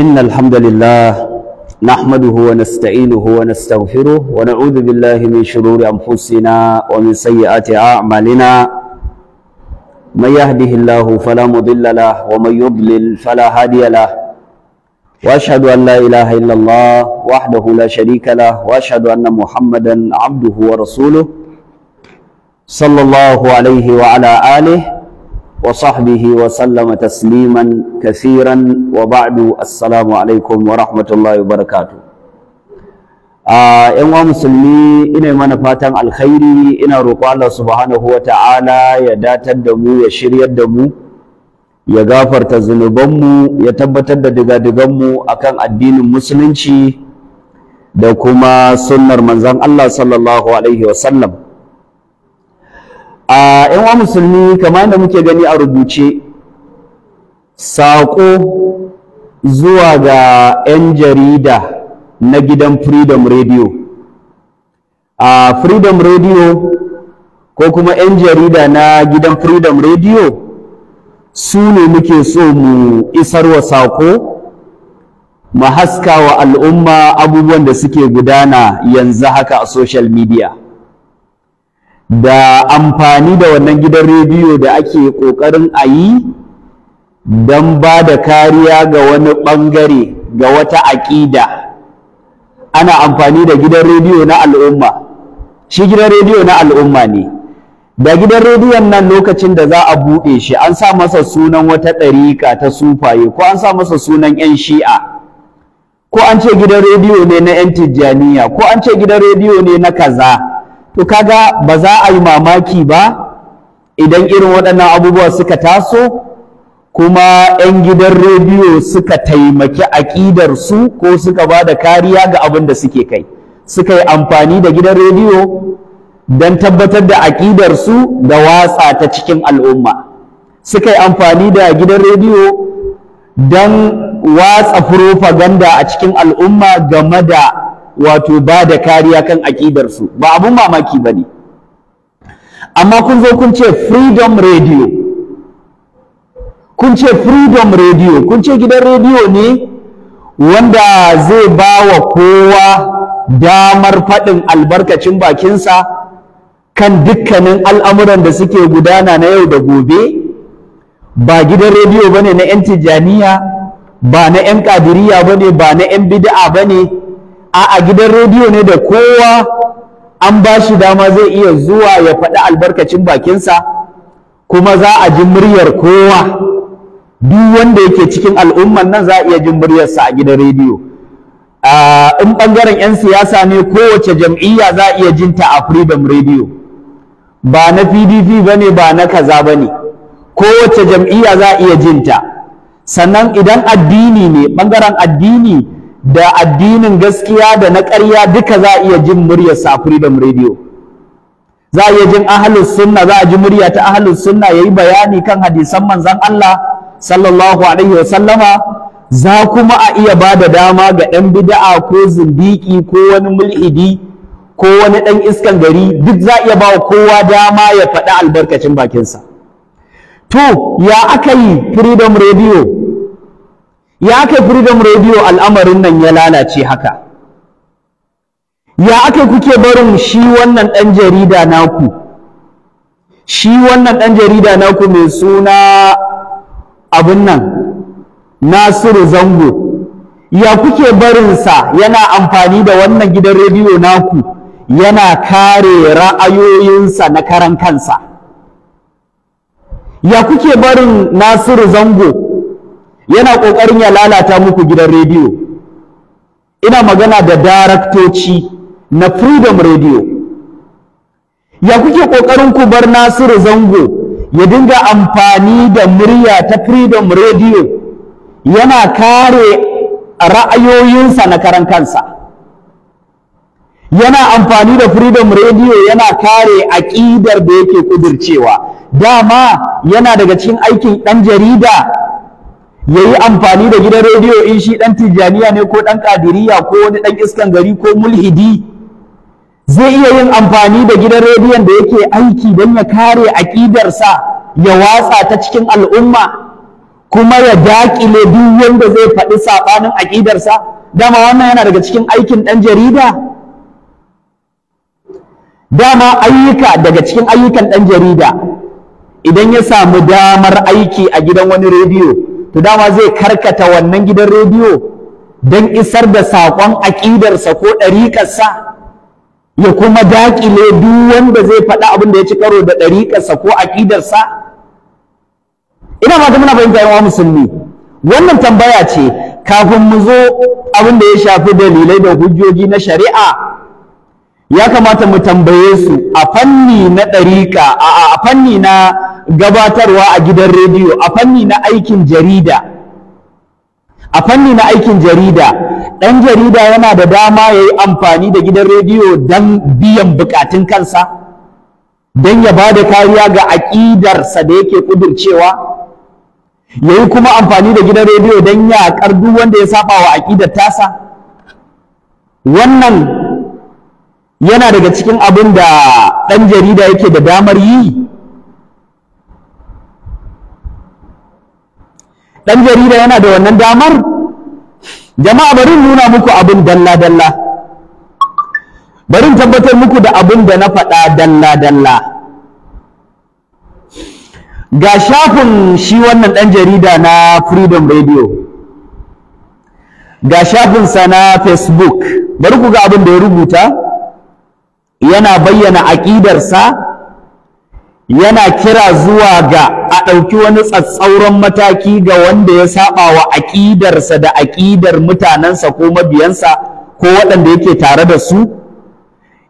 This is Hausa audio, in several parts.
إن الحمد لله نحمده ونستعينه ونستغفره ونعوذ بالله من شرور أنفسنا ومن سيئات أعمالنا من يهده الله فلا مضل له ومن يضلل فلا هادي له وأشهد أن لا إله إلا الله وحده لا شريك له وأشهد أن محمدا عبده ورسوله صلى الله عليه وعلى آله وصحبه وسلم تسليما كثيرا وبعد السلام عليكم ورحمة الله وبركاته ‘yan uwa musulmi ina mana fatan alkhairi ina roƙo Allah subhanahu wa ta'ala ya datar da mu ya shiryar da mu ya gafarta zunubanmu ya tabbatar da digadiganmu akan addinin musulunci da kuma sunnar manzon Allah sallallahu alaihi wasallam a yan wa musulmi kamar da muke gani a rubuce saƙo zuwa ga 'yan jarida na gidan freedom radio a freedom radio ko kuma 'yan jarida na gidan freedom radio su ne muke so mu isar wa saƙo mu haska wa al'umma abubuwan da suke gudana yanzu haka a social media da amfani da wannan gidan rediyo da ake ƙoƙarin a yi don ba da kariya ga wani ɓangare ga wata aƙida ana amfani da gidan rediyo na al'umma shi gidan rediyo na al'umma ne da gidan rediyon nan lokacin da za a buɗe shi an sa masa sunan wata ɗarika ta sufaye ko an sa masa sunan 'yan shi'a ko an ce gidan rediyo ne na 'yan tijjaniya ko an ce gidan rediyo ne na kaza. to kaga ba za a yi mamaki ba idan irin waɗannan abubuwa suka taso kuma 'yan gidan rediyo suka taimaki aƙidar su ko suka ba da kariya ga abin da suke kai suka yi amfani da gidan rediyo don tabbatar da aƙidar su da watsa ta cikin al'umma suka yi amfani da gidan rediyo don watsa furofaganda a cikin al'umma game da wato ba da kariya kan aƙidarsu ba abun mamaki ba ne amma kun zo kun ce freedom radio kun ce freedom radio kun ce gidan radio ne wanda zai ba wa kowa damar faɗin albarkacin bakinsa kan dukkanin al'amuran da suke gudana na yau da gobe ba gidan rediyo ba ne na 'yan tijjaniya ba na 'yan ƙadiriya ba ba na 'yan bida'a bane? a gidan rediyo ne da kowa an ba shi dama zai iya zuwa ya faɗi albarkacin bakinsa kuma za a ji muryar kowa duk wanda yake cikin al'umman nan za a iya jin muryarsa a gidan rediyo in ɓangaren 'yan siyasa ne kowace jam'iyya za a iya jinta a freedom radio ba na pdp ba ne ba na kaza ba ne kowace jam'iyya za a iya ta sannan idan addini ne ɓangaren addini da addinin gaskiya da na ƙarya duka za a iya jin muryar safuri freedom radio za a iya jin ahlus sunna za a ji murya ta ahlus sunna yayi bayani kan hadisan manzon Allah sallallahu alaihi wasallama za kuma a iya ba da dama ga ɗan bida'a ko zindiki ko wani mulhidi ko wani ɗan iskan gari duk za a iya ba kowa dama ya faɗi albarkacin bakinsa to ya aka yi freedom radio ya aka freedom radio al'amarin nan ya lalace haka ya aka kuke barin shi wannan ɗan jarida naku shi wannan ɗan jarida naku mai suna abin nan nasiru zango ya kuke barinsa yana amfani da wannan gidan rediyo naku yana kare ra'ayoyinsa na karan kansa ya kuke barin nasiru zango yana ƙoƙarin ya lalata muku gidan rediyo ina magana da daraktoci na freedom radio ya kuke ƙoƙarin ku bar nasiru zango ya dinga amfani da murya ta freedom radio yana kare ra'ayoyinsa na karan kansa yana amfani da freedom radio yana kare aƙidar da yake ƙudurcewa dama yana daga cikin aikin ɗan jarida ya yi amfani da gidan rediyo in shi ɗan tijjaniya ne ko ɗan ƙadiriya ko wani ɗan iskan gari ko mulhidi zai iya yin amfani da gidan rediyon da yake aiki don ya kare aƙidarsa ya watsa ta cikin al'umma kuma ya daƙile duk wanda zai faɗi saɓanin aƙidarsa dama wannan yana daga cikin aikin ɗan jarida dama ayyuka daga cikin ayyukan ɗan jarida idan ya samu damar aiki a gidan wani rediyo to dama zai karkata wannan gidan rediyo don isar da saƙon aƙidarsa ko ɗariƙarsa ya kuma daƙile duk wanda zai faɗa abin da ya ci karo da ɗariƙarsa ko aƙidarsa ina ma muna fahimta yawa musulmi wannan tambaya ce kafin mu zo abin da ya shafi dalilai da hujjoji na shari'a ya kamata mu tambaye su a fanni na ɗariƙa a fanni na gabatarwa a gidan rediyo a fanni na aikin jarida a fanni na aikin jarida ɗan jarida yana da dama ya yi amfani da gidan rediyo don biyan bukatun kansa don ya ba da kariya ga aƙidarsa da yake ƙudurcewa ya yi kuma amfani da gidan rediyo don yaƙar duk wanda ya saba wa aƙidar tasa wannan yana daga cikin abin da ɗan jarida yake da damar yi ɗan jarida yana da wannan damar jama'a bari nuna muku abin dalla-dalla bari tabbatar muku da abin da na faɗa dalla-dalla ga shafin shi wannan ɗan jarida na freedom radio ga shafinsa na facebook bari ku ga abin da ya rubuta yana bayyana aƙidarsa yana kira zuwa ga ɗauki wani tsatsauran mataki ga wanda ya saba wa aƙidarsa da aƙidar mutanensa ko mabiyansa ko waɗanda yake tare da su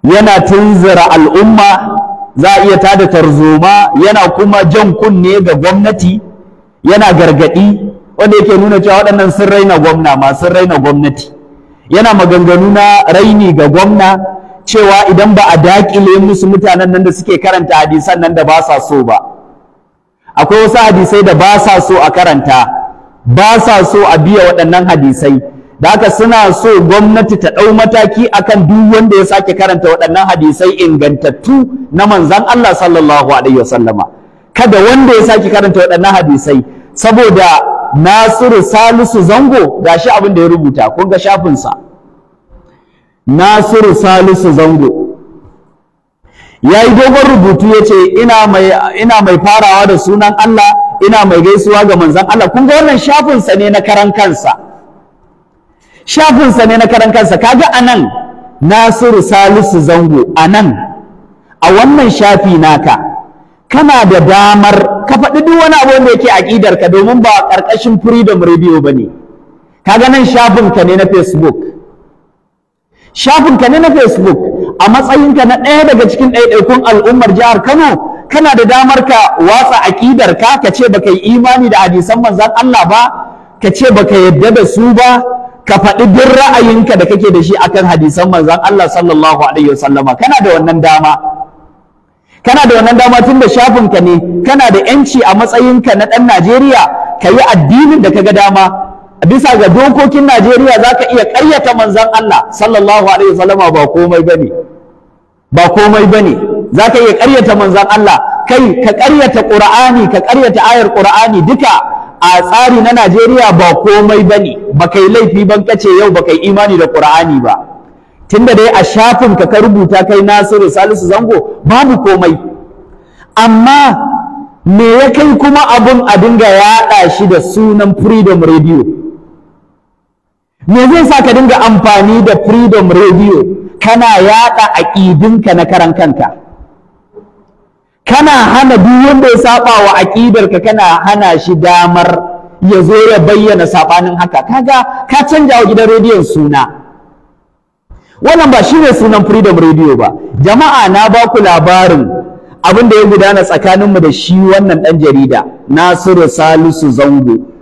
yana tunzura al'umma za a iya tada tarzoma yana kuma jan kunne ga gwamnati yana gargaɗi wanda yake nuna cewa waɗannan sun raina gwamna ma sun raina gwamnati yana maganganu na raini ga gwamna cewa idan ba a daƙile musu mutanen nan da suke karanta hadisan nan da ba sa so ba akwai wasu hadisai da ba sa so a karanta ba sa so a biya waɗannan hadisai da haka suna so gwamnati ta ɗau mataki akan duk wanda ya sake karanta waɗannan hadisai ingantattu na manzan Allah sallallahu alaihi wasallama kada wanda ya sake karanta waɗannan hadisai saboda Nasiru Salisu Zango ga shi abin da ya rubuta kun ga shafinsa Nasiru Salisu Zango ya yi dogon rubutu ya ce ina mai farawa da sunan Allah ina mai gaisuwa ga manzan Allah kun ga wannan shafinsa ne na karan kansa shafinsa ne na karan kansa kaga a nan nasiru salisu zango a nan a wannan shafi naka kana da damar ka faɗi duk wani abu da yake aƙidarka domin ba ƙarƙashin freedom radio ba ne kaga nan shafinka ne na facebook shafinka ne na facebook a matsayinka na ɗaya daga cikin ɗaiɗaikun al'ummar jihar kano kana da damar ka watsa aƙidar ka ka ce baka yi imani da hadisan manzan Allah ba ka ce baka yadda da su ba ka faɗi duk ra'ayinka da kake da shi akan hadisan manzan Allah sallallahu alaihi wasallama kana da wannan dama kana da wannan dama tun da shafinka ne kana da yanci a matsayinka na ɗan Najeriya ka yi addinin da ka ga dama bisa ga dokokin Najeriya za ka iya ƙaryata manzan Allah sallallahu alaihi wasallam ba komai ba ne ba komai ba ne za ka iya ƙaryata manzan Allah kai ka ƙaryata ƙur'ani ka ƙaryata ayar ƙur'ani duka a tsari na Najeriya ba komai ba ne ba kai laifi ban kace yau ba kai imani da ƙur'ani ba tunda dai a shafin ka ka rubuta kai Nasiru Salisu Zango babu komai amma me ya kai kuma abun a dinga yaɗa shi da sunan Freedom Radio me zai sa ka dinga amfani da freedom radio kana yaɗa aƙidinka na karan kanka kana hana duk wanda ya saba wa aƙidarka kana hana shi damar ya zo ya bayyana saɓanin haka kaga ka canja wa gidan rediyon suna wannan ba shine sunan freedom radio ba jama'a na ba ku labarin abin da ya gudana tsakaninmu da shi wannan ɗan jarida nasiru salisu zango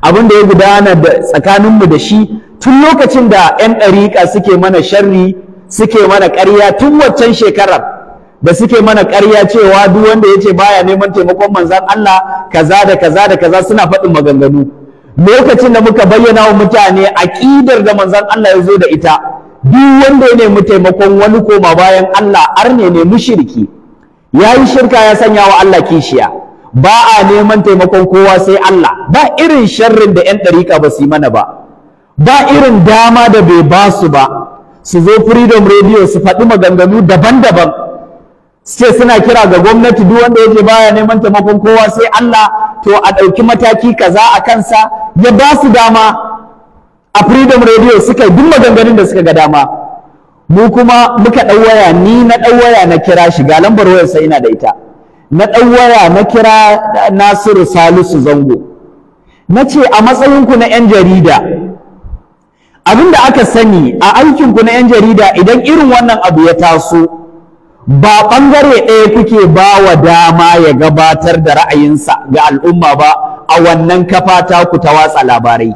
abin da ya gudana da tsakaninmu da shi tun lokacin da 'yan ɗariƙa suke mana sharri suke mana ƙarya tun waccan shekarar da suke mana ƙarya cewa duk wanda ya ce baya neman taimakon manzan Allah kaza da kaza da kaza suna faɗin maganganu lokacin da muka bayyana wa mutane aƙidar da manzan Allah ya zo da ita duk wanda ya nemi taimakon wani koma bayan Allah arne ne mushriki ya yi shirka ya sanya wa Allah kishiya ba a neman taimakon kowa sai Allah ba irin sharrin da 'yan ɗarika ba su mana ba ba irin dama da bai ba su ba su zo freedom radio su faɗi maganganu daban-daban ce suna kira ga gwamnati duk wanda yake baya neman taimakon kowa sai Allah to a ɗauki mataki kaza a kansa ya ba su dama a freedom radio suka yi duk maganganun da suka ga dama mu kuma muka ɗau waya ni na ɗauwaya na kira shi ga lambar wayarsa ina da ita na ɗauwaya na kira nasiru salisu zango na ce a matsayinku na 'yan jarida abin da aka sani a aikinku na 'yan jarida idan irin wannan abu ya taso ba ɓangare ɗaya kuke ba wa dama ya gabatar da ra'ayinsa ga al'umma ba a wannan kafa ku ta watsa labarai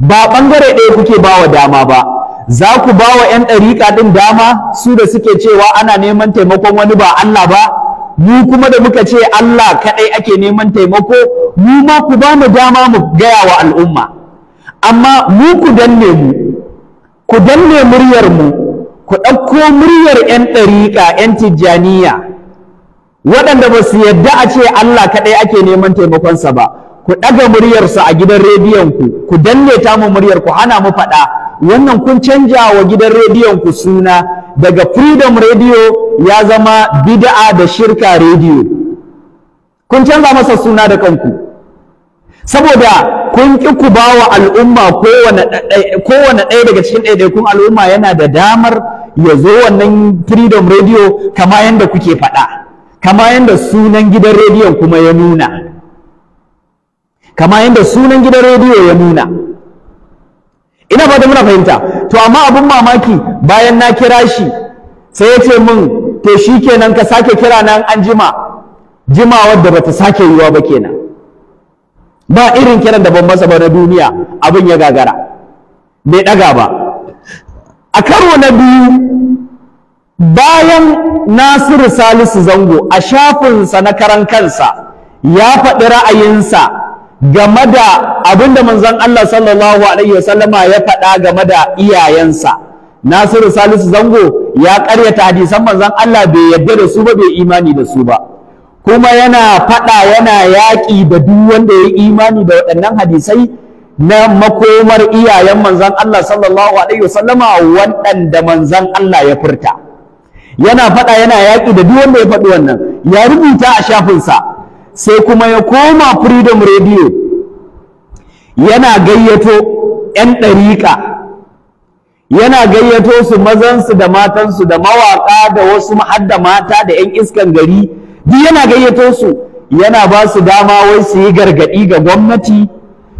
ba ɓangare ɗaya kuke ba wa dama ba za ku ba wa 'yan ɗariƙa ɗin dama su da suke cewa ana neman taimakon wani ba Allah ba mu kuma da muka ce Allah kaɗai ake neman taimako mu ma ku ba mu dama mu gaya wa al'umma amma mu ku danne mu ku danne muryar mu ku ɗauko muryar 'yan ɗariƙa 'yan tijjaniya waɗanda ba su yadda a ce Allah kaɗai ake neman taimakonsa ba ku ɗaga muryarsa a gidan rediyon ku ku danne ta mu muryar ku hana mu faɗa wannan kun canja wa gidan rediyon ku suna daga freedom radio ya zama bid'a da shirka radio kun canza masa suna da kanku saboda kun ƙi ku ba wa al'umma kowane ɗaya daga cikin ɗaiɗaikun al'umma yana da damar ya zo wannan freedom radio kama yadda kuke faɗa kama yadda sunan gidan rediyon kuma ya nuna kama yadda sunan gidan rediyo ya nuna ina fata muna fahimta to amma abun mamaki bayan na kira shi sai ya ce min to shi kenan ka sake kira nan an jima jimawar da bata sake yiwa ba kenan ba irin kiran da ban masa ba na duniya abin ya gagara bai daga ba a karo na biyu bayan nasiru salisu zango a shafinsa na karan kansa ya faɗi ra'ayinsa game da abinda manzon Allah sallallahu alaihi wasallama ya faɗa game da iyayensa Nasiru Salisu Zango ya ƙaryata hadisan manzon Allah bai yarda da su ba bai imani da su ba kuma yana faɗa yana yaƙi da duk wanda ya imani da waɗannan hadisai na makomar iyayen manzon Allah sallallahu alaihi wasallama waɗanda manzon Allah ya furta yana faɗa yana yaƙi da duk wanda ya faɗi wannan ya rubuta a shafinsa sai kuma ya koma freedom radio yana gayyato 'yan ɗariƙa yana gayyato su mazansu da matansu da mawaƙa da wasu da mata da 'yan iskan gari duk yana gayyato su yana ba su dama wai su yi gargaɗi ga gwamnati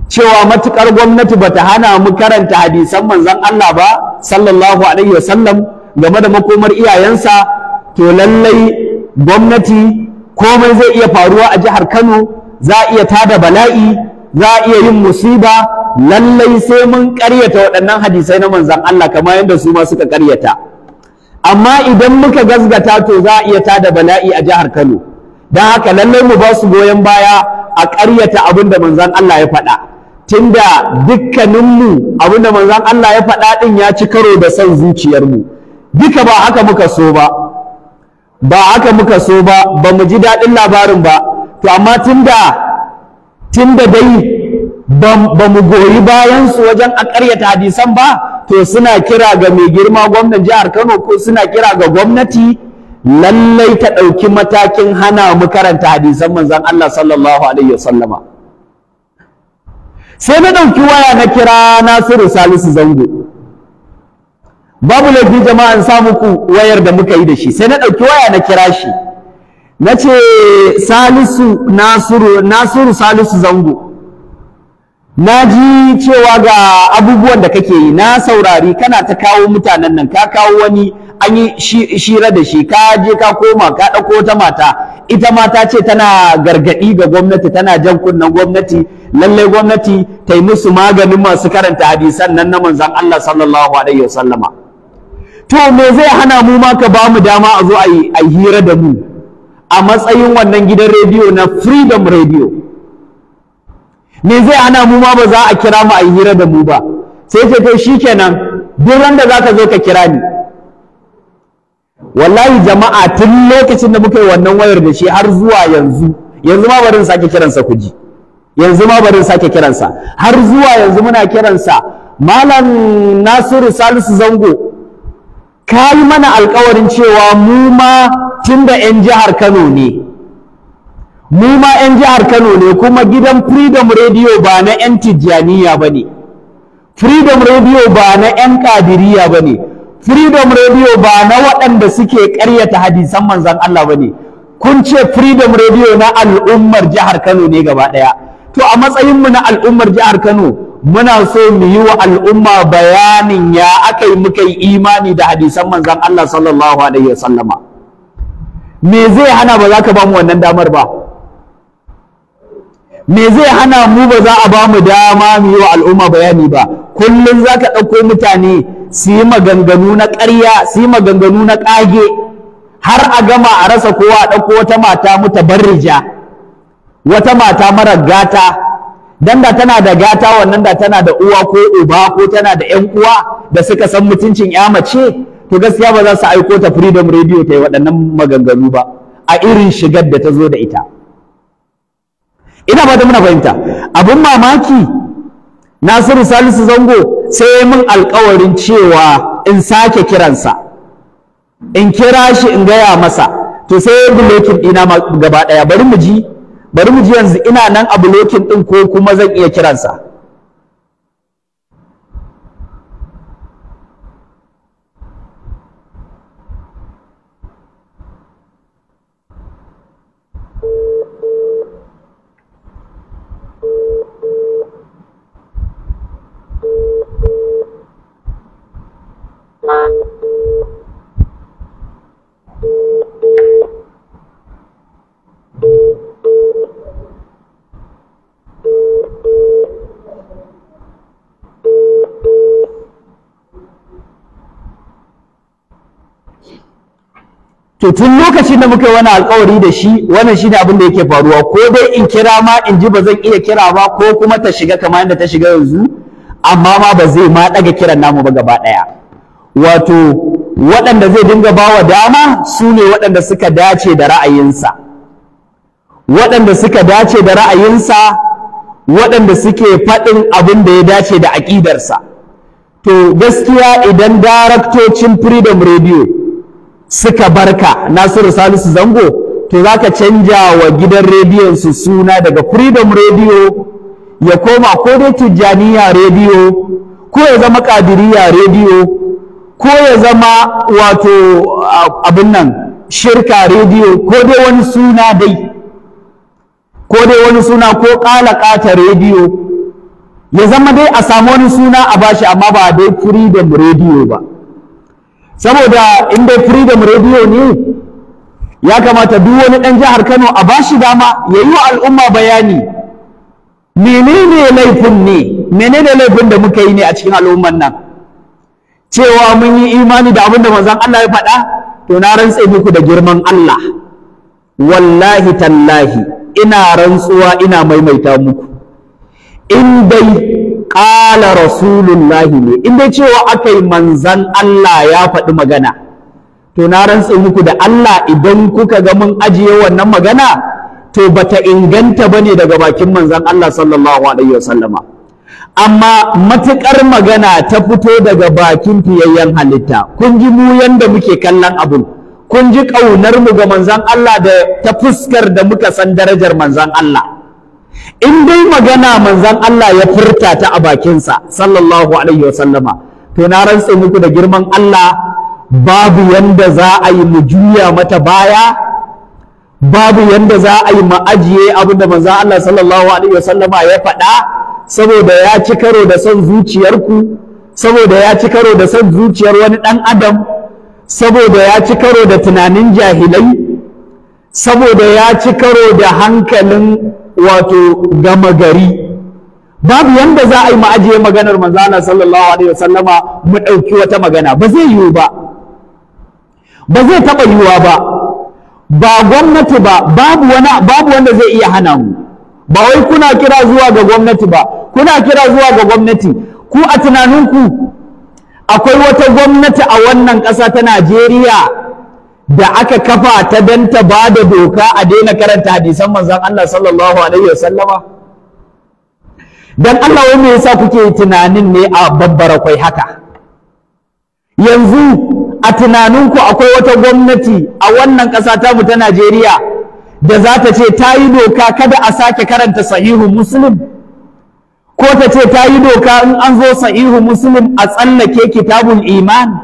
cewa matuƙar gwamnati bata hana mu karanta hadisan manzon Allah ba sallallahu alaihi wasallam game da makomar iyayensa to lallai gwamnati komai zai iya faruwa a jihar Kano za a iya tada bala'i za a iya yin musiba lallai sai mun ƙaryata waɗannan hadisai na manzon Allah kamar yadda su ma suka ƙaryata amma idan muka gazgata to za a iya tada bala'i a jihar Kano don haka lallai mu ba su goyon baya a ƙaryata abin da manzon Allah ya faɗa tunda dukkaninmu abin da manzon Allah ya faɗa ɗin ya ci karo da son zuciyarmu duka ba haka muka so ba ba haka muka so ba ba mu ji daɗin labarin ba to amma tun da dai ba mu goyi bayansu wajen a ƙaryata hadisan ba to suna kira ga mai girma gwamnan jihar kano ko suna kira ga gwamnati lallai ta ɗauki matakin hana mu karanta hadisan manzon Allah sallallahu alaihi wasallama sai na ɗauki waya na kira nasiru salisu zango babu laifin jama'an sa muku wayar da muka yi da shi sai na ɗauki waya na kira shi na ce salisu nasiru nasiru salisu zango na ji cewa ga abubuwan da kake yi na saurari kana ta kawo mutanen nan ka kawo wani an yi shira da shi ka je ka koma ka ɗauko wata mata ita mata ce tana gargaɗi ga gwamnati tana jan kunnen gwamnati lallai gwamnati ta yi musu maganin masu karanta hadisan nan na manzon Allah sallallahu alaihi wasallama to me zai hana mu ma ka bamu dama a zo a yi hira da mu a matsayin wannan gidan rediyo na freedom radio me zai hana mu ma ba za a kira mu a hira da mu ba sai ce kai shikenan duk randa za ka zo ka kira ni wallahi jama'a tun lokacin da muka yi wannan wayar da shi har zuwa yanzu yanzu ma barin sake kiransa ku ji yanzu ma barin sake kiransa har zuwa yanzu muna kiransa malam nasiru salisu zango ka yi mana alkawarin cewa mu ma tun da 'yan jihar kano ne mu ma 'yan jihar kano ne kuma gidan freedom radio ba na 'yan tijjaniya ba ne freedom radio ba na 'yan kadiriya ba ne freedom radio ba na waɗanda suke ƙaryata hadisan manzan Allah ba ne kun ce freedom radio na al'ummar jihar kano ne gaba ɗaya to a matsayinmu na al'ummar jihar kano muna so mu yi wa al'umma bayanin ya aka yi muka yi imani da hadisan manzan Allah sallallahu alaihi wasallama me zai hana ba za ka ba mu wannan damar ba me zai hana mu ba za a ba mu dama mu yi wa al'umma bayani ba kullum za ka ɗauko mutane su yi maganganu na ƙarya su yi maganganu na ƙage har a gama a rasa kowa a ɗauko wata mata wata mata mara gata dan da tana da gata wannan da tana da uwa ko uba ko tana da ƴan uwa da suka san mutuncin ya mace to gaskiya ba za su aiko ta freedom radio ta yi waɗannan maganganu ba a irin shigar da ta zo da ita ina ba da muna fahimta abin mamaki nasiru salisu zango sai ya min alkawarin cewa in sake kiransa in kira shi in gaya masa to sai ya bulokin ɗina gaba ɗaya bari mu ji bari mu ji yanzu ina nan a bulokin din ko kuma zan iya kiransa to tun lokacin da muka yi wani alkawari da shi wannan shine abin da yake faruwa ko dai in kira ma in ji ba zan iya kira ba ko kuma ta shiga kamar yadda ta shiga yanzu amma ma ba zai ma daga kiran namu ba gaba daya wato waɗanda zai dinga bawa dama su ne waɗanda suka dace da ra'ayinsa waɗanda suka dace da ra'ayinsa waɗanda suke faɗin abin da ya dace da aƙidarsa to gaskiya idan daraktocin freedom radio suka barka Nasiru Salisu Zango to zaka canja wa gidan rediyon su suna daga Freedom Radio ya koma ko dai Tijjaniya Radio ko ya zama Kadiriya Radio ko ya zama wato abin nan shirka Radio? ko dai wani suna dai ko dai wani suna ko kala kata radio? ya zama dai a samu wani suna a bashi amma ba dai freedom Radio ba saboda inda freedom radio ne ya kamata duk wani ɗan jihar Kano a ba shi dama ya yi wa al'umma bayani menene laifin ne menene laifin da muka yi ne a cikin al'umman nan cewa mun yi imani da abin da manzon Allah ya faɗa to na rantse muku da girman Allah wallahi tallahi ina rantsuwa ina maimaita muku in bai qala rasulullahi ne in dai cewa yi manzan Allah ya faɗi magana to na rantsa muku da Allah idan kuka ga mun ajiye wannan magana to bata inganta ba ne daga bakin manzan Allah sallallahu alaihi wasallama amma matuƙar magana ta fito daga bakin fiyayyen halitta kun ji mu yanda muke kallon abun kun ji ƙaunar mu ga manzan Allah da ta fuskar da muka san darajar manzan Allah in dai magana manzan Allah ya furta ta a bakinsa sallallahu alaihi wasallama to na rantse muku da girman Allah babu yanda za a yi mu juya mata baya babu yanda za a yi mu ajiye abin da manzan Allah sallallahu alaihi wasallama ya faɗa saboda ya ci karo da son zuciyarku saboda ya ci karo da son zuciyar wani ɗan adam saboda ya ci karo da tunanin jahilai saboda ya ci karo da hankalin wato gama gari babu yanda za a yi ma ajiye maganar manzana sallallahu alaihi wasallama mu ɗauki wata magana ba zai yiwu ba ba zai taɓa yiwuwa ba ba gwamnati ba babu wani babu wanda zai iya hana mu ba wai kuna kira zuwa ga gwamnati ba kuna kira zuwa ga gwamnati ku a tunaninku akwai wata gwamnati a wannan ƙasa ta Najeriya da aka kafa ta dan ta ba da doka a daina karanta hadisan manzon Allah sallallahu alaihi wasallama dan Allah wani yasa kuke tunanin ne a babbar akwai haka yanzu a tunaninku akwai wata gwamnati a wannan ƙasa tamu ta Najeriya da za ta ce ta yi doka kada a sake karanta sahihu muslim ko ta ce ta yi doka in an zo sahihu muslim a tsallake kitabul iman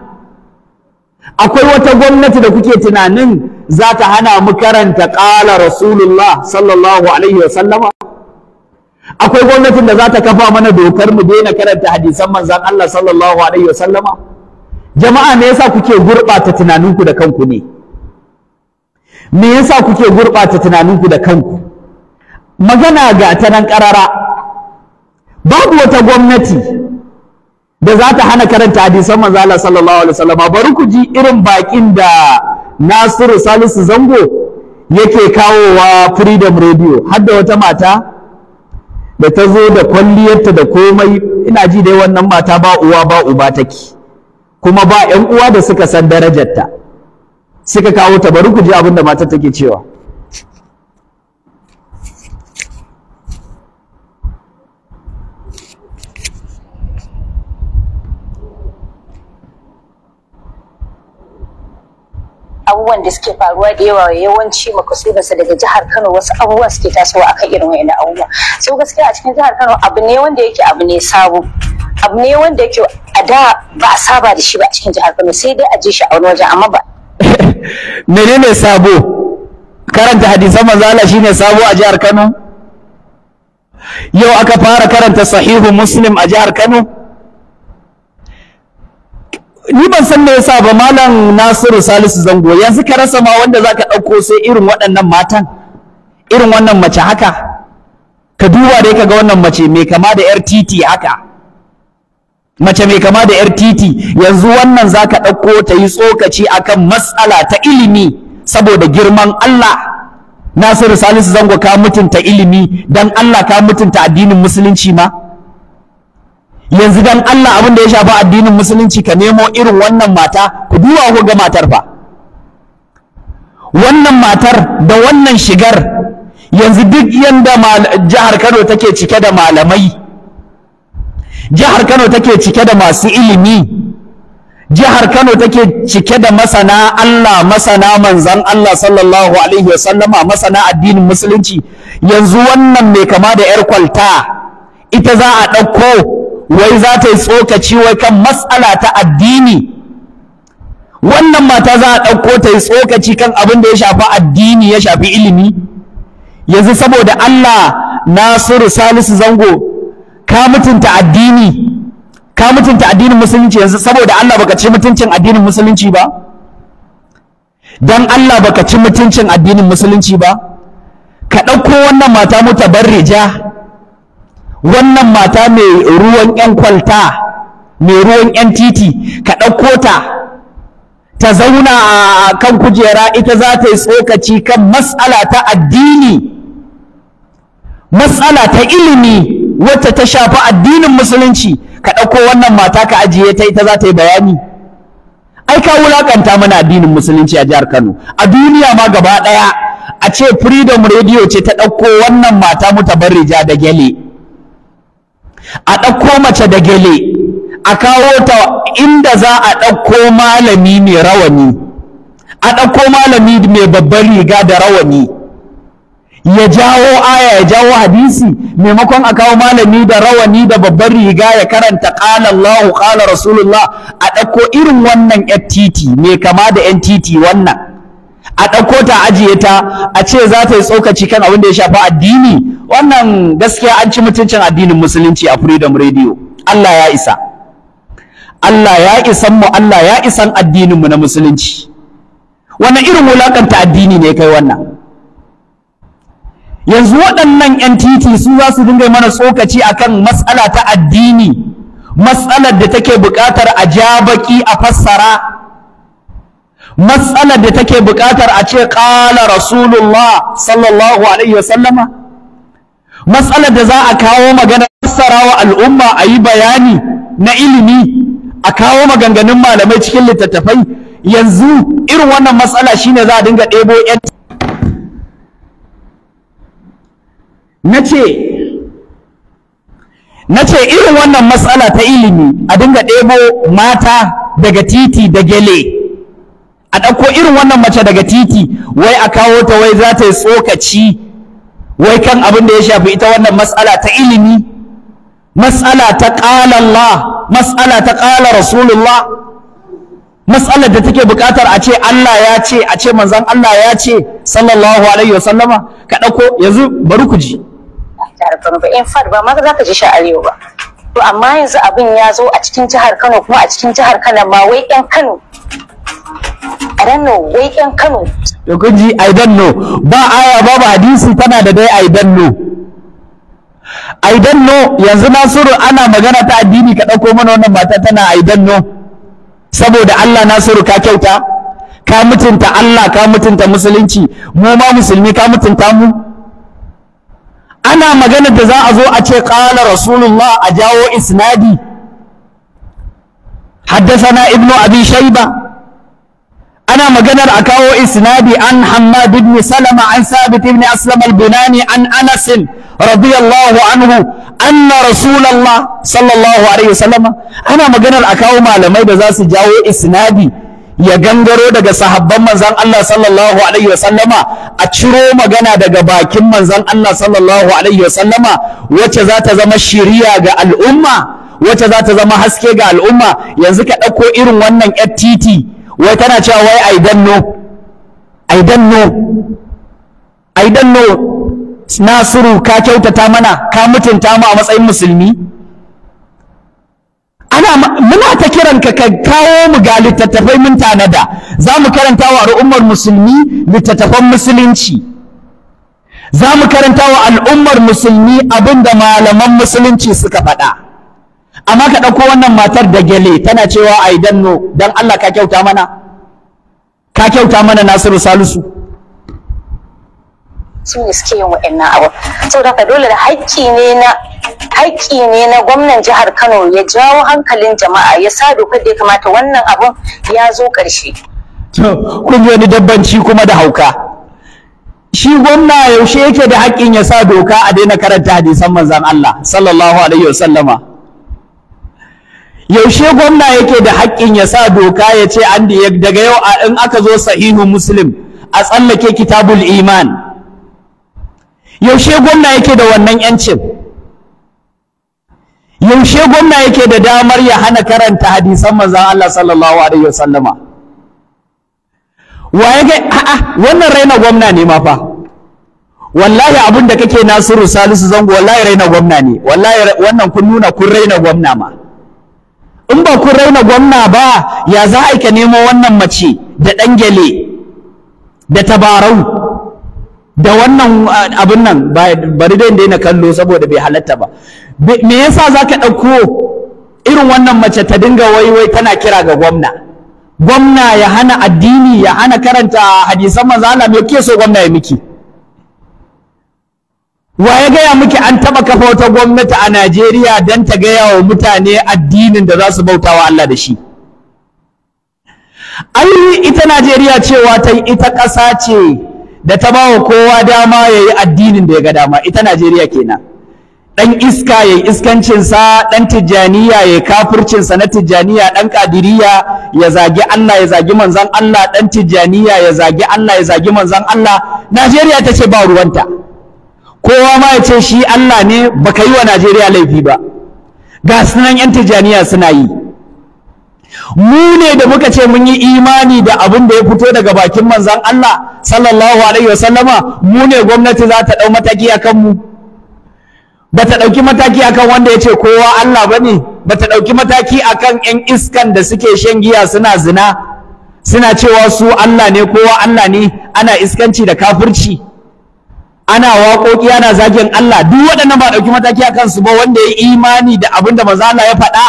akwai wata gwamnati da kuke tunanin za ta hana mu karanta ƙala rasulullah sallallahu alaihi wasallama akwai gwamnatin da za ta kafa mana dokar mu daina karanta hadisan manzan Allah sallallahu alaihi wasallama jama'a me yasa kuke gurɓata tunaninku da kanku ne me yasa kuke gurɓata tunaninku da kanku magana ga ta nan ƙarara babu wata gwamnati da za ta hana karanta hadisan manzo Allah sallallahu alaihi wasallam bari ku ji irin bakin da Nasiru Salisu Zango yake kawowa Freedom Radio har da wata mata da ta zo da kwalliyarta da komai ina ji dai wannan mata ba uwa ba uba take kuma ba 'yan uwa da suka san darajarta suka kawo ta bari ku ji abin da mata take cewa abubuwan da suke faruwa da yawa yawanci makusibansa daga jihar Kano wasu abubuwa suke tasowa akan irin wayannan abubuwa so gaskiya a cikin jihar Kano abu ne wanda yake abu ne sabo abu ne wanda yake a da ba a saba da shi ba a cikin jihar Kano sai dai a je shi a wani wajen amma ba menene sabo karanta hadisan manzo Allah shine sabo a jihar Kano yau aka fara karanta sahihu muslim a jihar Kano ni ban san me yasa ba malam Nasiru Salisu Zango yanzu ka rasa ma wanda zaka ɗauko sai irin waɗannan matan irin wannan mace haka ka duba dai ga wannan mace mai kama da yar haka mace mai kama da yar titi yanzu wannan zaka ɗauko ta yi tsokaci akan matsala ta ilimi saboda girman Allah Nasiru Salisu Zango ka mutunta ilimi dan Allah ka mutunta addinin musulunci ma yanzu dan Allah abin da ya shafi addinin musulunci ka nemo irin wannan mata ku duba ku ga matar fa wannan matar da wannan shigar yanzu duk yanda jihar Kano take cike da malamai jihar Kano take cike da masu ilimi jihar Kano take cike da masana Allah masana manzan Allah sallallahu alaihi wasallama masana addinin musulunci yanzu wannan mai kama da yar kwalta ita za a ɗauko wai za ta yi tsokaci wai kan matsala ta addini wannan mata za a ɗauko ta yi tsokaci kan abin da ya shafi addini ya shafi ilimi yanzu saboda Allah Nasiru Salisu Zango ka mutunta addini ka mutunta addinin musulunci yanzu saboda Allah baka ci mutuncin addinin musulunci ba dan Allah baka ci mutuncin addinin musulunci ba ka ɗauko wannan mata mutabarrija wannan mata mai ruwan 'yan kwalta mai ruwan 'yan titi ka ɗauko ta ta zauna a kan kujera ita za ta yi tsokaci kan matsala ta addini matsala ta ilimi wacce ta shafi addinin musulunci ka ɗauko wannan mata ka ajiye ta ita za ta yi bayani ai ka wulakanta mana addinin musulunci a jihar Kano a duniya ma gaba ɗaya a ce freedom radio ce ta ɗauko wannan mata mu ta bar rija da gyale a ɗauko mace da gele a kawo ta inda za a ɗauko malami mai rawani a ɗauko malami mai babban riga da rawani ya jawo aya ya jawo hadisi maimakon a kawo malami da rawani da babbar riga ya karanta ƙala Allahu ƙala Rasulullah a ɗauko irin wannan yan titi mai kama da yan titi wannan a ɗauko ta ajiye ta a ce za ta yi tsokaci kan abin da ya shafi addini wannan gaskiya an ci mutuncin addinin musulunci a freedom radio Allah ya isa Allah ya isan mu Allah ya isan addinin mu na musulunci wannan irin wulakanta addini ne kai wannan yanzu waɗannan 'yan titi su za su dinga mana tsokaci akan matsala ta addini matsalar da take buƙatar a ja baƙi a fassara matsalar da take buƙatar a ce ƙala rasulullah sallallahu alaihi wasallama matsalar da za a kawo magana wa al'umma a yi bayani na ilimi a kawo maganganun malamai cikin littattafai yanzu irin wannan matsala shine za a dinga ɗebo na na ce irin wannan matsala ta ilimi a dinga ɗebo mata daga titi da gele a ɗauko irin wannan mace daga titi wai a kawo ta wai za ta yi tsokaci wai kan abin da ya shafi ita wannan matsala ta ilimi matsala ta ƙala Allah matsala ta ƙala Rasulullah matsala da take buƙatar a ce Allah ya ce a ce manzan Allah ya ce sallallahu alaihi wasallama ka ɗauko yanzu bari ku ji in fad ba ma za ka ji shi ba to amma yanzu abin ya zo a cikin jihar Kano kuma a cikin jihar Kano ma wai 'yan Kano I don't know wai ƴan Kano to kun ji I don't know ba aya ba hadisi tana da dai I don't know I don't know yanzu Nasiru ana magana ta addini ka ɗauko mana wannan mata tana I don't know saboda Allah Nasiru ka kyauta ka mutunta Allah ka mutunta musulunci mu ma musulmi ka mutunta mu ana magana da za a zo a ce qala rasulullah a jawo isnadi حدثنا ابن أبي شيبة ana maganar a kawo isnadi an hammad ibn salama an sabit ibn aslam al-bunani an anas radiyallahu anhu anna rasulullah sallallahu alaihi wasallam ana maganar a kawo malamai da za su jawo isnadi ya gangaro daga sahabban manzan Allah sallallahu alaihi wasallama a ciro magana daga bakin manzan Allah sallallahu alaihi wasallama wacce za ta zama shiriya ga al'umma wacce za ta zama haske ga al'umma yanzu ka ɗauko irin wannan yar titi wai tana cewa wai I don't know I know Nasiru ka kyautata mana ka mutunta mu a matsayin musulmi ana muna ta kiran ka ka kawo mu ga littattafai mun tanada za mu karanta wa al'ummar musulmi littattafan musulunci za mu karanta wa al'ummar musulmi abinda malaman musulunci suka faɗa amma ka ɗauko wannan matar da gele tana cewa ai danno dan Allah ka kyauta mana ka kyauta mana Nasiru Salisu su ne suke yin wa'annan abu saboda ka dole da haƙƙi ne na haƙƙi ne na gwamnan jihar Kano ya jawo hankalin jama'a ya sa doka da ya kamata wannan abun ya zo ƙarshe to kun wani dabbanci kuma da hauka shi gwamna yaushe yake da haƙƙin ya sa doka a daina karanta hadisan manzon Allah sallallahu alaihi wasallama yaushe gwamna yake da haƙƙin ya sa doka ya ce an daga yau a in aka zo sahihu muslim a tsallake kitabul iman yaushe gwamna yake da wannan yancin yaushe gwamna yake da damar ya hana karanta hadisan manzan Allah sallallahu alaihi wasallama waye ga a'a wannan raina gwamna ne ma fa wallahi abin da kake nasiru salisu zango wallahi raina gwamna ne wallahi wannan kun nuna kun raina gwamna ma in ba kun raina gwamna ba ya za a ka nemo wannan mace da ɗan gyale da tabarau da wannan abin nan bari dai daina kallo saboda bai halatta ba me yasa za ka ɗauko irin wannan mace ta dinga waiwai tana kira ga gwamna gwamna ya hana addini ya hana karanta hadisan manzo Allah me ke so gwamna ya miki wa ya gaya miki an taɓa kafa wata gwamnati a Najeriya don ta gaya wa mutane addinin da za su bauta wa Allah da shi ai ita Najeriya cewa ta ita ƙasa ce da ta ba wa kowa dama ya yi addinin da ya ga dama ita Najeriya kenan ɗan iska ya yi iskancinsa ɗan tijjaniya ya yi kafircinsa na tijjaniya Dan kadiriya ya zagi Allah ya zagi manzan Allah Dan tijjaniya ya zagi Allah ya zagi manzan Allah Najeriya ta ce ba ruwanta kowa ma ya ce shi Allah ne baka yi wa Najeriya laifi ba ga sunan 'yan tijaniya suna yi mu ne da muka ce mun yi imani da abin da ya fito daga bakin manzan Allah sallallahu alaihi wasallama mu ne gwamnati za ta ɗau mataki akan mu? ba ta ɗauki mataki akan wanda ya ce kowa Allah ba ba ta ɗauki mataki akan 'yan iskan da suke shan giya suna zina suna cewa su Allah ne kowa Allah ne ana iskanci da kafirci ana waƙoƙi ana zagin Allah duk waɗannan ba ɗauki mataki a kansu ba wanda ya imani da abin da maza Allah ya faɗa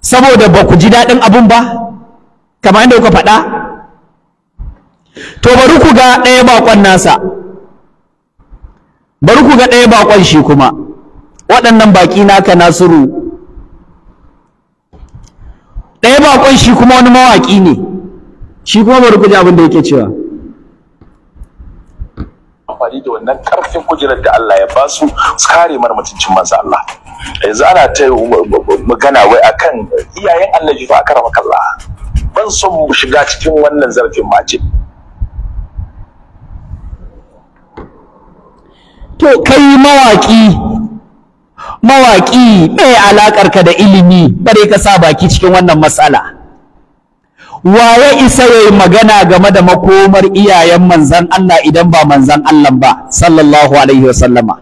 saboda ba ku ji daɗin abin ba kamar yadda kuka faɗa to bari ku ga ɗaya baƙon nasa bari ku ga ɗaya baƙon shi kuma waɗannan baƙi naka nasiru ɗaya baƙon shi kuma wani mawaƙi ne shi kuma bari ku ji abin da yake cewa amfani da wannan karfin kujerar da Allah ya ba su su kare mana mutuncin manzo Allah yanzu ana ta magana wai akan iyayen annabi fa akara kalla ban son mu shiga cikin wannan zarafin mace to kai mawaki mawaki me alakar ka da ilimi bare ka sa baki cikin wannan matsala wa ya isa yayi magana game da makomar iyayen manzan Allah idan ba manzan Allah ba sallallahu alaihi wasallama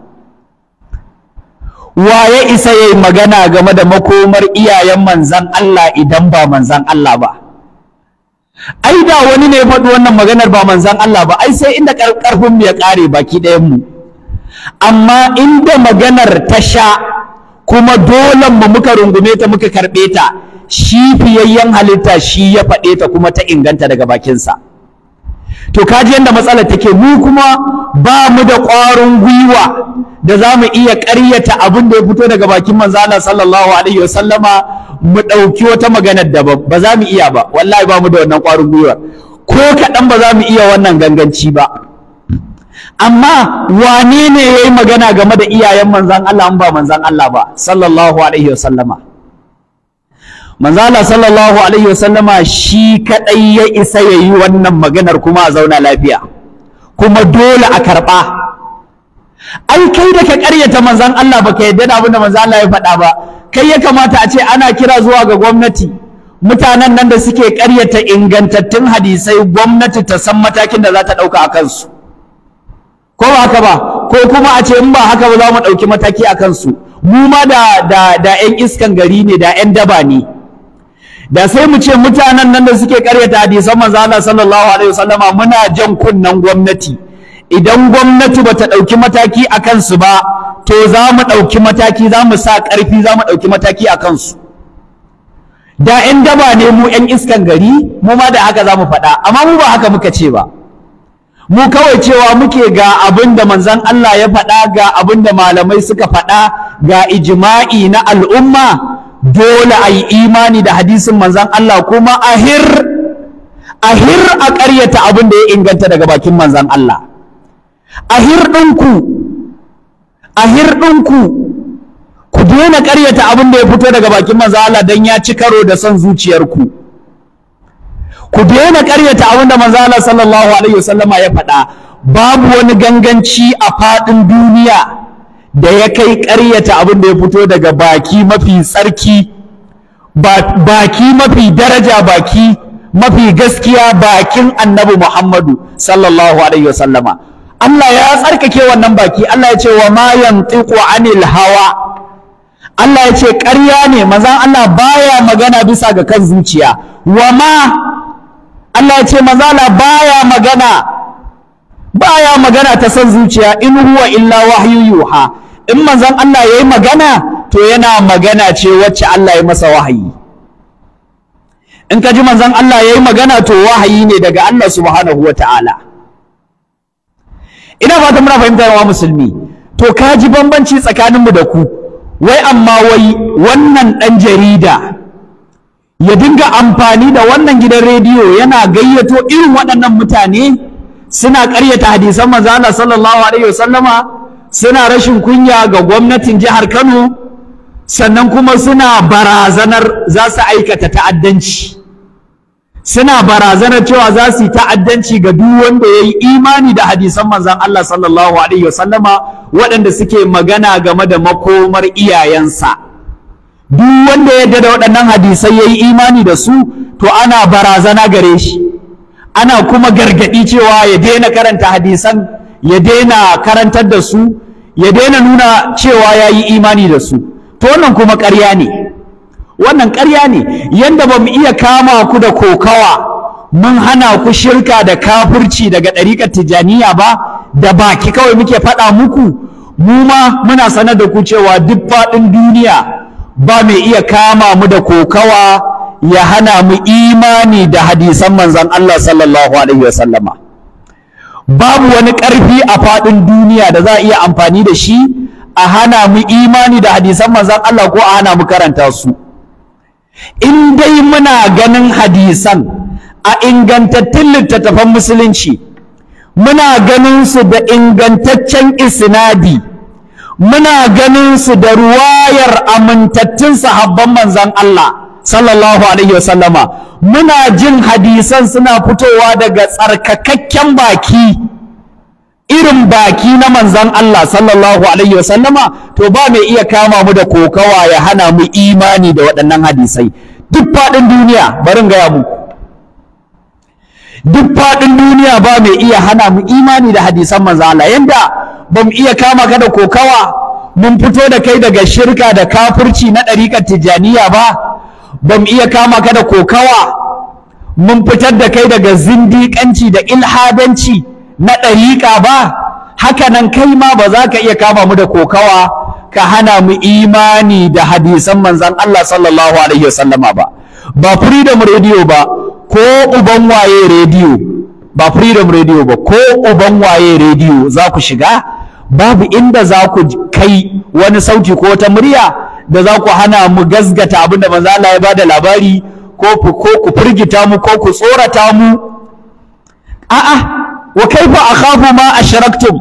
wa ya isa yayi magana game da makomar iyayen manzan Allah idan ba manzan Allah ba ai da wani ne faɗi wannan maganar ba manzan Allah ba ai sai inda karfin mu ya kare baki ɗayan mu amma inda maganar ta sha kuma dole mu muka rungume ta muka karɓe ta shi fiyayyen halitta shi ya faɗe ta kuma ta inganta daga bakinsa to kaji yadda matsalar take mu kuma ba mu da ƙwarin gwiwa da za mu iya ƙaryata abin da ya fito daga bakin manzo Allah sallallahu alaihi wasallama mu ɗauki wata maganar da ba za mu iya ba wallahi ba mu da wannan ƙwarin gwiwa ko kaɗan ba za mu iya wannan ganganci ba amma wane ne ya yi magana game da iyayen manzan Allah ba manzan Allah ba sallallahu alaihi wasallama manzan Allah sallallahu alaihi wasallama shi kaɗai ya isa ya yi wannan maganar kuma a zauna lafiya kuma dole a karɓa ai kai da ka ƙaryata manzan Allah ba ka yadda abin da manzan Allah ya faɗa ba kai ya kamata a ce ana kira zuwa ga gwamnati mutanen nan da suke ƙaryata ingantattun hadisai gwamnati ta san matakin da za ta ɗauka a kansu ko ba haka ba ko kuma a ce in ba haka ba za mu ɗauki mataki a kansu mu ma da da 'yan iskan gari ne da 'yan daba ne da sai mu ce mutanen nan da suke karyata hadisan manzo Allah sallallahu alaihi wasallama muna jan kunnen gwamnati idan gwamnati bata ɗauki mataki a kansu ba to za mu ɗauki mataki za mu sa ƙarfi za mu ɗauki mataki a kansu da 'yan daba ne mu 'yan iskan gari mu ma da haka za mu faɗa amma mu ba haka muka ce ba mu kawai cewa muke ga abin da manzan Allah ya faɗa ga abin da malamai suka faɗa ga ijma'i na al'umma dole a yi imani da hadisin manzan Allah kuma ahir ahir a ƙaryata abin da ya inganta daga bakin manzan Allah ahir ɗinku ahir ɗinku ku daina ƙaryata abin da ya fito daga bakin manzan Allah don ya ci karo da son zuciyarku ku daina ƙaryata abin da manzo Allah sallallahu alaihi wasallama ya faɗa babu wani ganganci a faɗin duniya da ya kai ƙaryata abin da ya fito daga baki mafi tsarki baki mafi daraja baki mafi gaskiya bakin annabi Muhammadu sallallahu alaihi wasallama Allah ya tsarkake wannan baki Allah ya ce wa ma yantiqu anil hawa Allah ya ce ƙarya ne manzon Allah baya magana bisa ga kan zuciya wa ma Allah ya ce manzala baya magana baya magana ta san zuciya in huwa illa wahyu yuha in manzon Allah yayi magana to yana magana ce wacce Allah ya masa wahayi in ka ji manzon Allah yayi magana to wahayi ne daga Allah subhanahu wataala ina fata muna fahimta wa musulmi to ka ji bambanci tsakaninmu da ku wai amma wai wannan ɗan jarida ya dinga amfani da wannan gidan rediyo yana gayyato irin waɗannan mutane suna ƙaryata hadisan manzana sallallahu alaihi wasallama suna rashin kunya ga gwamnatin jihar Kano sannan kuma suna barazanar za su aikata ta'addanci suna barazanar cewa za su yi ta'addanci ga duk wanda ya yi imani da hadisan manzan Allah sallallahu alaihi wasallama waɗanda suke magana game da makomar iyayensa duk wanda ya da waɗannan hadisai ya yi imani da su to ana barazana gare shi ana kuma gargaɗi cewa ya daina karanta hadisan ya daina karantar da su ya daina nuna cewa ya yi imani da su to wannan kuma ƙarya ne wannan ƙarya ne yadda ba mu iya kama ku da kokawa mun hana ku shirka da kafurci daga ɗariƙar Tijjaniya ba da baki kawai muke faɗa muku mu ma muna sanar da ku cewa duk faɗin duniya ba mai iya kama mu da kokawa ya hana mu imani da hadisan manzan Allah sallallahu alaihi wasallama babu wani ƙarfi a faɗin duniya da za a iya amfani da shi a hana mu imani da hadisan manzan Allah ko a hana mu karanta su in dai muna ganin hadisan a ingantattun littattafan musulunci muna ganin su da ingantaccen isnadi muna ganin su da ruwayar amintattun sahabban manzan Allah sallallahu alaihi wasallama muna jin hadisan suna fitowa daga tsarkakakken baki irin baki na manzan Allah sallallahu alaihi wasallama to ba mai iya kama mu da kokawa ya hana mu imani da waɗannan hadisai duk faɗin duniya barin gaya muku duk faɗin duniya ba mai iya hana mu imani da hadisan manzan Allah yanda ba mu iya kama ka da kokawa mun fito da kai daga shirka da kafurci na ɗariƙar tijjaniya ba ba mu iya kama ka da kokawa mun fitar da kai daga zindiƙanci da ilhadanci na ɗariƙa ba haka nan kai ma ba za ka iya kama mu da kokawa ka hana mu imani da hadisan manzan Allah sallallahu alaihi wasallama ba ba freedom radio ba ko uban waye radio ba freedom radio ba ko uban waye radio za ku shiga babu inda za ku kai wani sauti ko wata murya da za ku hana mu gazgata abinda manzo Allah ya bada labari ko ko ku firgita mu ko ku tsorata mu a'a wa kaifa akhafu ma ashraktum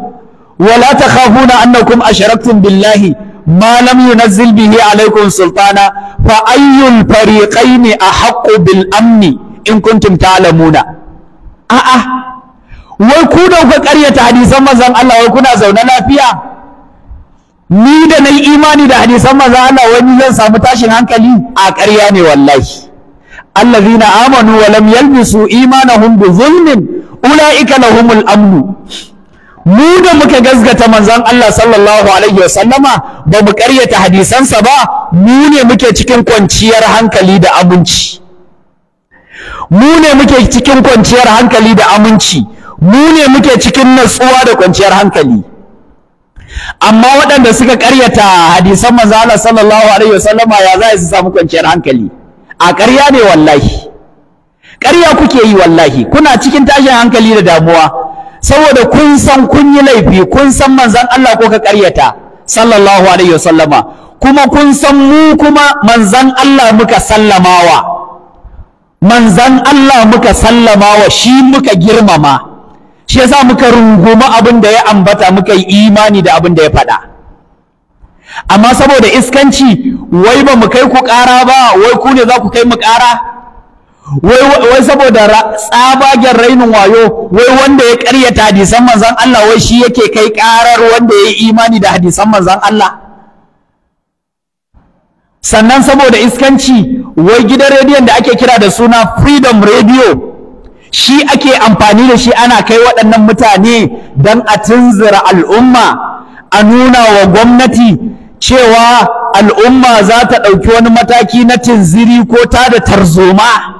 wa la takhafuna annakum ashraktum billahi ma lam yunzil bihi alaykum sultana fa ayyul fariqaini ahaqqu bil amni in kuntum ta'lamuna a'a wai ku da kuka karyata hadisan manzon Allah wai kuna zaune lafiya ni da nayi imani da hadisan manzon Allah wani zan samu tashin hankali a ƙarya ne wallahi allazina amanu wa lam yalbisu imanahum bi zulmin ulaika lahumul amnu mu da muka gazgata manzon Allah sallallahu alaihi wasallama ba mu karyata hadisansa ba mu ne muke cikin kwanciyar hankali da aminci mu ne muke cikin kwanciyar hankali da aminci mu ne muke cikin natsuwa da kwanciyar hankali amma waɗanda suka karyata hadisan manzo Allah sallallahu alaihi wasallama ya za su samu kwanciyar hankali a ƙarya ne wallahi ƙarya kuke yi wallahi kuna cikin tashin hankali da damuwa saboda kun san kun yi laifi kun san manzon Allah ko ka ƙaryata sallallahu alaihi wasallama kuma kun san mu kuma manzon Allah muka sallamawa manzan Allah muka sallama wa shi muka girmama shi yasa muka rungumi abin da ya ambata muka yi imani da abin da ya faɗa amma saboda iskanci wai ba mu kai ku ƙara ba wai ku ne za ku kai mu ƙara wai saboda tsabagen rainin wayo wai wanda ya ƙaryata hadisan manzan Allah wai shi yake kai ƙarar wanda ya yi imani da hadisan manzan Allah sannan saboda iskanci wai gidan rediyon da ake kira da suna freedom radio shi ake amfani da shi ana kai waɗannan mutane don a tunzura al'umma a nuna wa gwamnati cewa al'umma za ta ɗauki wani mataki na tunziri ko ta da tarzoma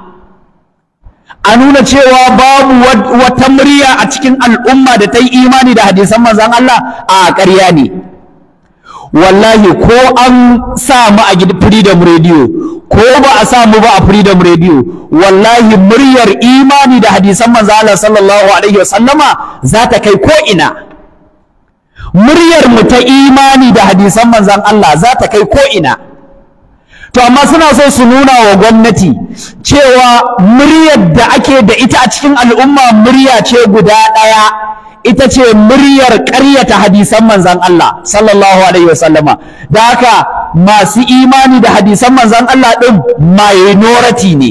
a nuna cewa babu wata murya a cikin al'umma da ta yi imani da hadisan manzon Allah a ƙarya ne wallahi ko an sa mu a freedom radio ko ba a sa mu ba a freedom radio wallahi muryar imani da hadisan manzo Allah sallallahu alaihi wasallama za ta kai ko ina muryar mu ta imani da hadisan manzon Allah za ta kai ko ina to amma suna so su nuna wa gwamnati cewa muryar da ake da ita a cikin al'umma murya ce guda ɗaya ita ce muryar ƙaryata hadisan manzan Allah sallallahu alaihi wasallama da haka masu imani da hadisan manzan Allah ɗin minority ne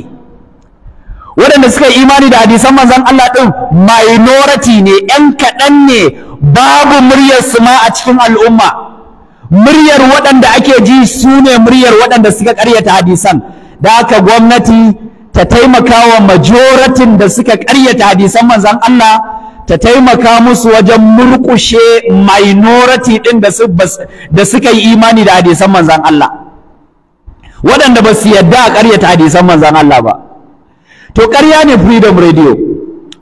waɗanda suka yi imani da hadisan manzan Allah ɗin minority ne ‘yan kaɗan ne babu muryar su ma a cikin al'umma muryar waɗanda ake ji su ne muryar waɗanda suka ƙaryata hadisan da haka gwamnati ta taimaka wa majoratin da suka ƙaryata hadisan manzan Allah ta taimaka musu wajen murƙushe minority ɗin da suka yi imani da hadisan manzan Allah waɗanda ba su yadda a ƙaryata hadisan manzan Allah ba to ƙarya ne freedom radio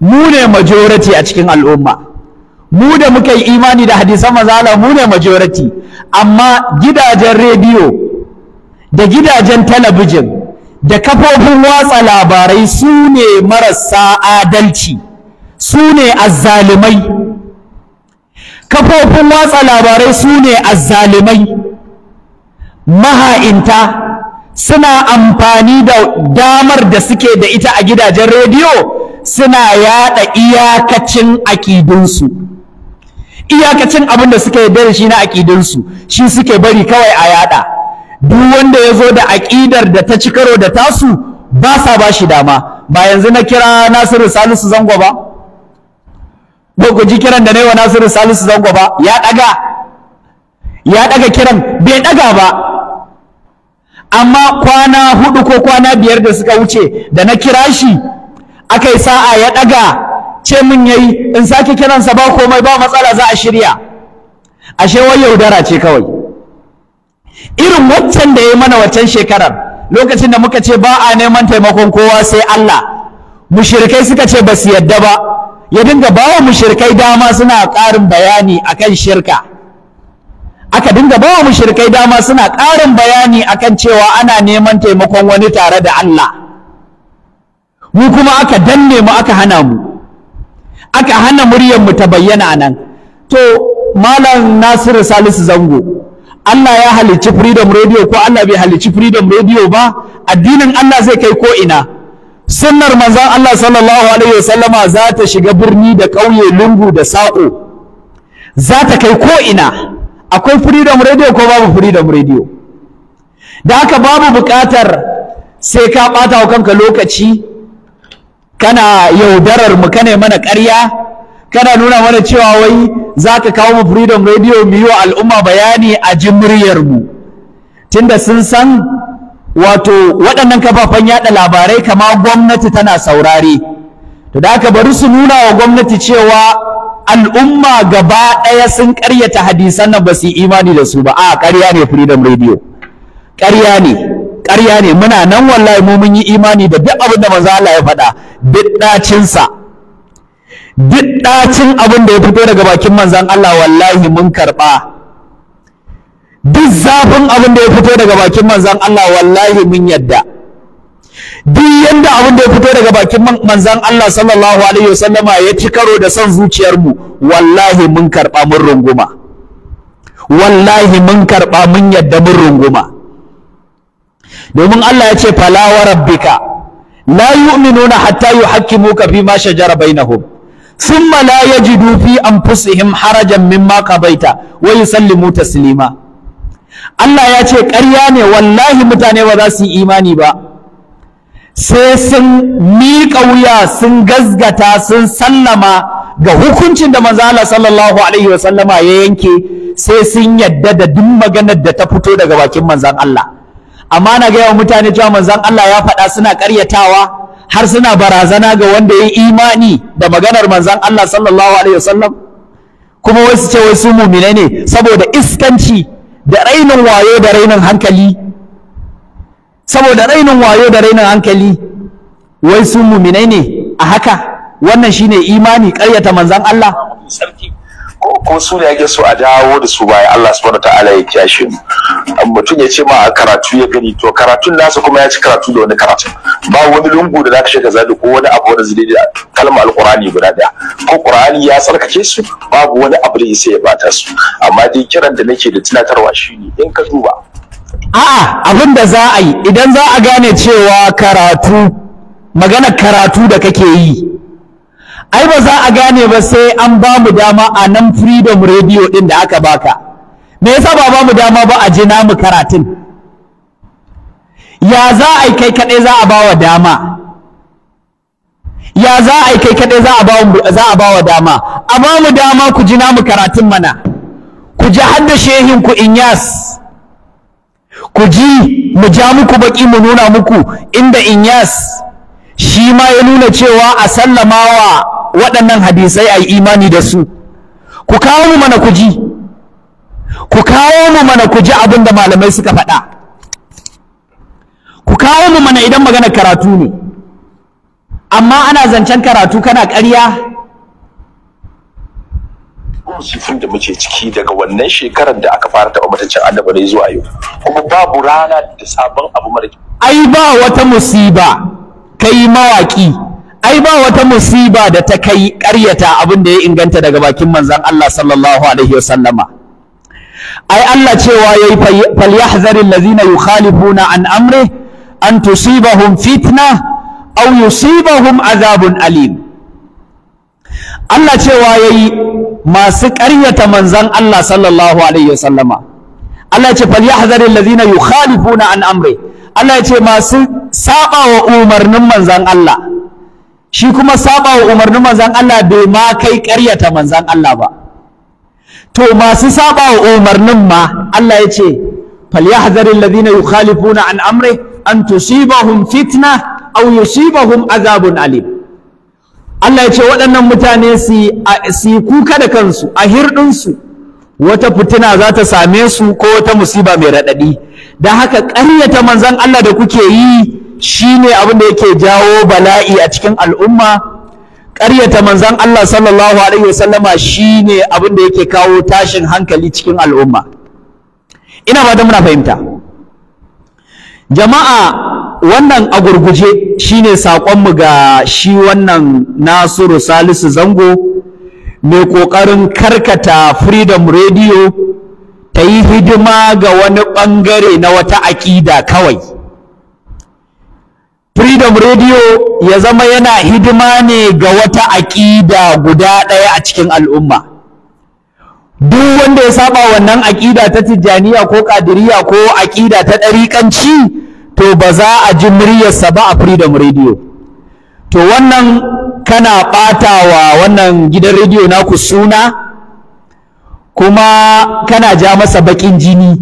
mu ne majority a cikin al'umma mu da muka yi imani da hadisan manzan Allah mu ne majority amma gidajen radio da gidajen talabijin da kafofin watsa labarai su ne marasa adalci su ne azzalimai kafofin watsa labarai su ne azzalimai maha'inta suna amfani da damar da suke da ita a gidajen rediyo suna yada iyakacin akidunsu iyakacin abin da suke da shi na akidunsu shi suke bari kawai a yada duk wanda ya zo da aƙidar da ta ci karo da tasu ba sa ba shi dama ba yanzu na kira nasiru salisu zango ba ba ku ji kiran da na yi wa nasiru salisu zango ba ya ɗaga ya ɗaga kiran bai ɗaga ba amma kwana hudu ko kwana biyar da suka wuce da na kira shi aka yi sa'a ya ɗaga ce min yayi in sake kiransa ba komai ba matsala za a shirya ashe wai yaudara ce kawai irin waccan da ya mana waccan shekarar lokacin da muka ce ba a neman taimakon kowa sai Allah mushirikai suka ce ba su yadda ba ya dinga ba wa mushirikai dama suna ƙarin bayani akan shirka aka dinga ba wa mushirikai dama suna ƙarin bayani akan cewa ana neman taimakon wani tare da Allah mu kuma aka danne mu aka hana mu aka hana muryar mu ta bayyana nan to malam Nasiru Salisu Zango Allah ya halicci freedom radio ko Allah bai halicci freedom radio ba addinin Allah zai kai ko ina sunnar manzon Allah sallallahu alaihi wasallama za ta shiga birni da ƙauye lungu da sa'o. za ta kai ko ina akwai freedom radio ko babu freedom radio da haka babu buƙatar sai ka ɓata wa kanka lokaci kana yaudarar mu kane mana ƙarya kana nuna mana cewa wai za ka kawo mu freedom radio mu yi wa al'umma bayani a jimriyar mu tunda sun san wato waɗannan kafafen yaɗa labarai kama gwamnati tana saurare to da aka bari su nuna wa gwamnati cewa al'umma gaba ɗaya sun karyata hadisan nan ba su yi imani da su ba a ƙarya ne freedom radio ƙarya ne ƙarya ne muna nan wallahi mu mun yi imani da duk abin da manzo Allah ya faɗa duk sa duk ɗacin abin da ya fito daga bakin manzan Allah wallahi mun karɓa duk zafin abin da ya fito daga bakin manzan Allah wallahi mun yadda duk yanda abin da ya fito daga bakin manzan Allah sallallahu alaihi wasallama ya ci karo da son zuciyarmu wallahi mun karɓa mun runguma wallahi mun karɓa mun yadda mun runguma domin Allah ya ce fala wa rabbika la yu'minuna hatta yuhaqqimuka fi ma shajara bainahum summa la yajidu fi anfusihim harajan mimma qabaita wa yusallimu taslima Allah ya ce ƙarya ne wallahi mutane ba za su yi imani ba sai sun miƙa wuya sun gazgata sun sallama ga hukuncin da manzo Allah sallallahu alaihi wasallama ya yanke sai sun yadda da duk maganar da ta fito daga bakin manzon Allah amma na ga mutane cewa manzon Allah ya faɗa suna ƙaryatawa har suna barazana ga wanda ya imani da maganar manzan Allah sallallahu alaihi wasallam kuma wai su ce wai su mumine ne saboda iskanci da rainin wayo da rainin hankali saboda rainin wayo da rainin hankali wai su mumine ne a haka wannan shine imani ƙaryata manzan Allah kuma su ne ake so a dawo da su baya Allah subhanahu ta'ala ya kiyashe mu mutum ya ce ma a karatu ya gani to karatun nasa kuma ya ci karatu da wani karatu ba wani lungu da zaka shiga zaɗi ko wani abu wani zai da kalmar alqur'ani guda daya ko qur'ani ya tsarkake su babu wani abu da sai ya bata su amma dai kiran da nake da tunatarwa shine in ka duba a'a abin da za a yi idan za a gane cewa karatu magana karatu da kake yi ai ba za a gane ba sai an ba mu dama a nan freedom radio ɗin da aka baka me yasa ba ba mu dama ba a ji namu karatun ya za a yi kai kaɗai za a ba wa dama ya za a kai kaɗai za a ba wa dama a ba mu dama ku ji namu karatun mana ku ji hadda shehin ku inyas ku ji mu ja muku baki mu nuna muku inda inyas shi ma ya nuna cewa a sallamawa waɗannan hadisai a yi imani da su ku kawo mu mana ku ji ku kawo mu mana ku ji abin da malamai suka faɗa ku kawo mu mana idan magana karatu ne amma ana zancen karatu kana ƙarya musifin da muke ciki daga wannan shekarar da aka fara taɓa matacin ne zuwa yau kuma babu rana da sabon abu mara ai ba wata musiba kai mawaki ai ba wata musiba da ta kai ƙaryata abin da ya inganta daga bakin manzan Allah sallallahu alaihi wasallama ai Allah cewa yayi falyahzari allazina yukhalifuna an amri an tusibahum fitna aw yusibahum azabun alim Allah cewa yayi masu ƙaryata manzan Allah sallallahu alaihi wasallama Allah ya ce falyahzari allazina yukhalifuna an amri Allah ya ce masu saba wa umarnin manzan Allah shi kuma saba wa umarnin manzan Allah bai ma kai ƙaryata manzan Allah ba to masu saba wa umarnin ma Allah ya ce falyahdhari alladhina yukhalifuna an amri an tusibahum fitna aw yusibahum azabun alim Allah ya ce waɗannan mutane su yi kuka da kansu a hirɗinsu wata fitina za ta same su ko wata musiba mai raɗaɗi da haka ƙaryata manzan Allah da kuke yi shine abin da yake jawo bala'i a cikin al'umma ƙaryata manzan Allah sallallahu alaihi wasallama shine abin da yake kawo tashin hankali cikin al'umma ina ba da muna fahimta jama'a wannan agurguje gurguje shine saƙonmu ga shi wannan Nasiru Salisu Zango mai ƙoƙarin karkata Freedom Radio ta yi hidima ga wani ɓangare na wata aƙida kawai. freedom radio ya zama yana hidima ne ga wata aƙida guda ɗaya a cikin al'umma duk wanda ya saba wannan aƙida ta tijjaniya ko ƙadiriya ko aƙida ta ɗariƙanci to ba za a ji muryarsa ba a freedom radio to wannan kana ɓata wa wannan gidan rediyo naku suna kuma kana ja masa baƙin jini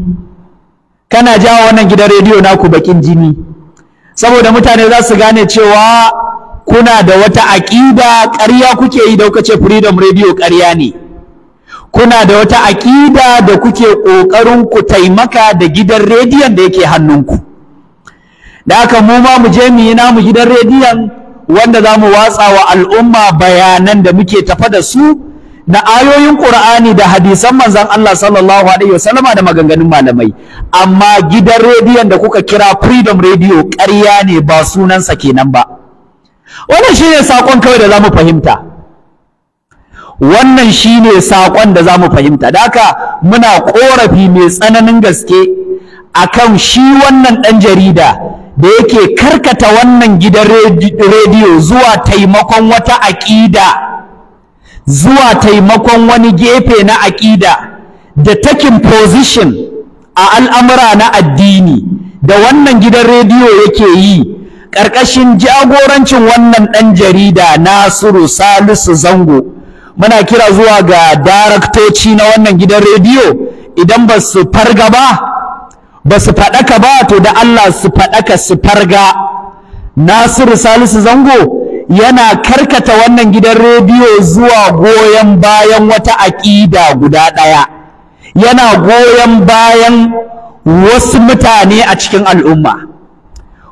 kana ja wa wannan gidan rediyo naku baƙin jini saboda mutane za su gane cewa kuna da wata aƙida ƙarya kuke yi da kuka ce freedom radio ƙarya ne kuna da wata aƙida da kuke ƙoƙarin ku taimaka da gidan rediyon da yake hannunku da haka mu ma mu je mu yi namu gidan rediyon wanda za mu watsa wa al'umma bayanan da muke tafa da su da ayoyin Qur'ani da hadisan manzon Allah sallallahu alaihi wasallama da maganganun malamai amma gidan rediyon da kuka kira Freedom Radio ƙarya ne ba sunansa kenan ba wannan shine sakon kawai da zamu fahimta wannan shine sakon da zamu fahimta da haka muna korafi mai tsananin gaske akan shi wannan dan jarida da yake karkata wannan gidan rediyo zuwa taimakon wata aƙida zuwa taimakon wani gefe na aƙida da takin position a al'amura na addini da wannan gidan rediyo yake yi ƙarƙashin jagorancin wannan ɗan jarida Nasiru Salisu Zango muna kira zuwa ga daraktoci na wannan gidan rediyo idan ba su farga ba ba su faɗaka ba to da Allah su faɗaka su farga Nasiru Salisu Zango yana karkata wannan gidan rediyo zuwa goyon bayan wata aƙida guda ɗaya yana goyon bayan wasu mutane a cikin al'umma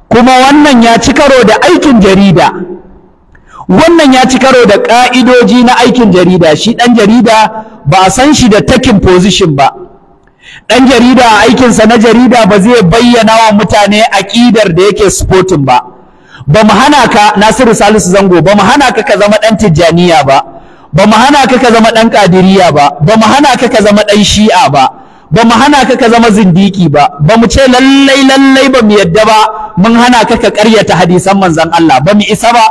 kuma wannan ya ci karo da aikin jarida wannan ya ci karo da ƙa'idoji na aikin jarida shi ɗan jarida ba a san shi da takin position ba ɗan jarida a aikinsa na jarida ba zai bayyana wa mutane aƙidar da yake supporting ba ba mu hana ka Nasiru Salisu Zango ba mu hana ka ka zama dan Tijjaniya ba ba mu hana ka ka zama dan Kadiriya ba ba mu hana ka ka zama dan Shi'a ba ba mu hana ka ka zama zindiki ba ba mu ce lallai lallai ba mu yadda ba mun hana ka ka karyata hadisan manzon Allah ba mu isa ba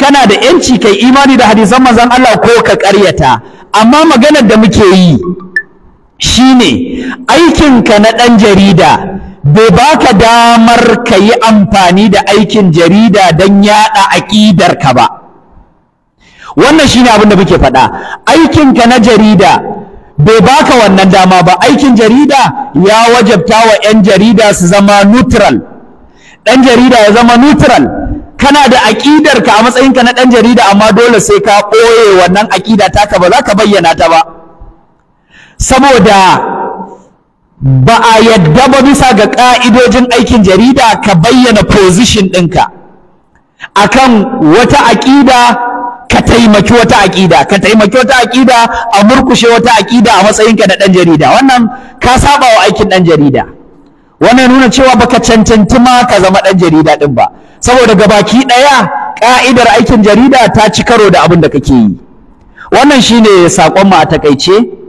kana da yanci kai imani da hadisan manzon Allah ko ka karyata amma maganar da muke yi shine aikinka na dan jarida bai baka damar ka yi amfani da aikin jarida don yaɗa aƙidarka ba wannan shine abin da muke faɗa aikinka na jarida bai baka wannan dama ba aikin jarida ya wajabta wa 'yan jarida su zama neutral ɗan jarida ya zama neutral kana da aƙidarka a matsayinka na ɗan jarida amma dole sai ka ɓoye wannan aƙida taka ba za ka bayyana ta ba saboda ba a yadda ba bisa ga ƙa'idojin aikin jarida ka bayyana position ɗinka A kan wata aƙida ka taimaki wata aƙida ka taimaki wata aƙida a murkushe wata aƙida a matsayinka na ɗan jarida wannan ka saba wa aikin ɗan jarida wannan nuna cewa baka cancanci ma ka zama ɗan jarida ɗin ba saboda ga baki ɗaya ƙa'idar aikin jarida ta ci karo da abin da kake yi wannan shine saƙon mu a takaice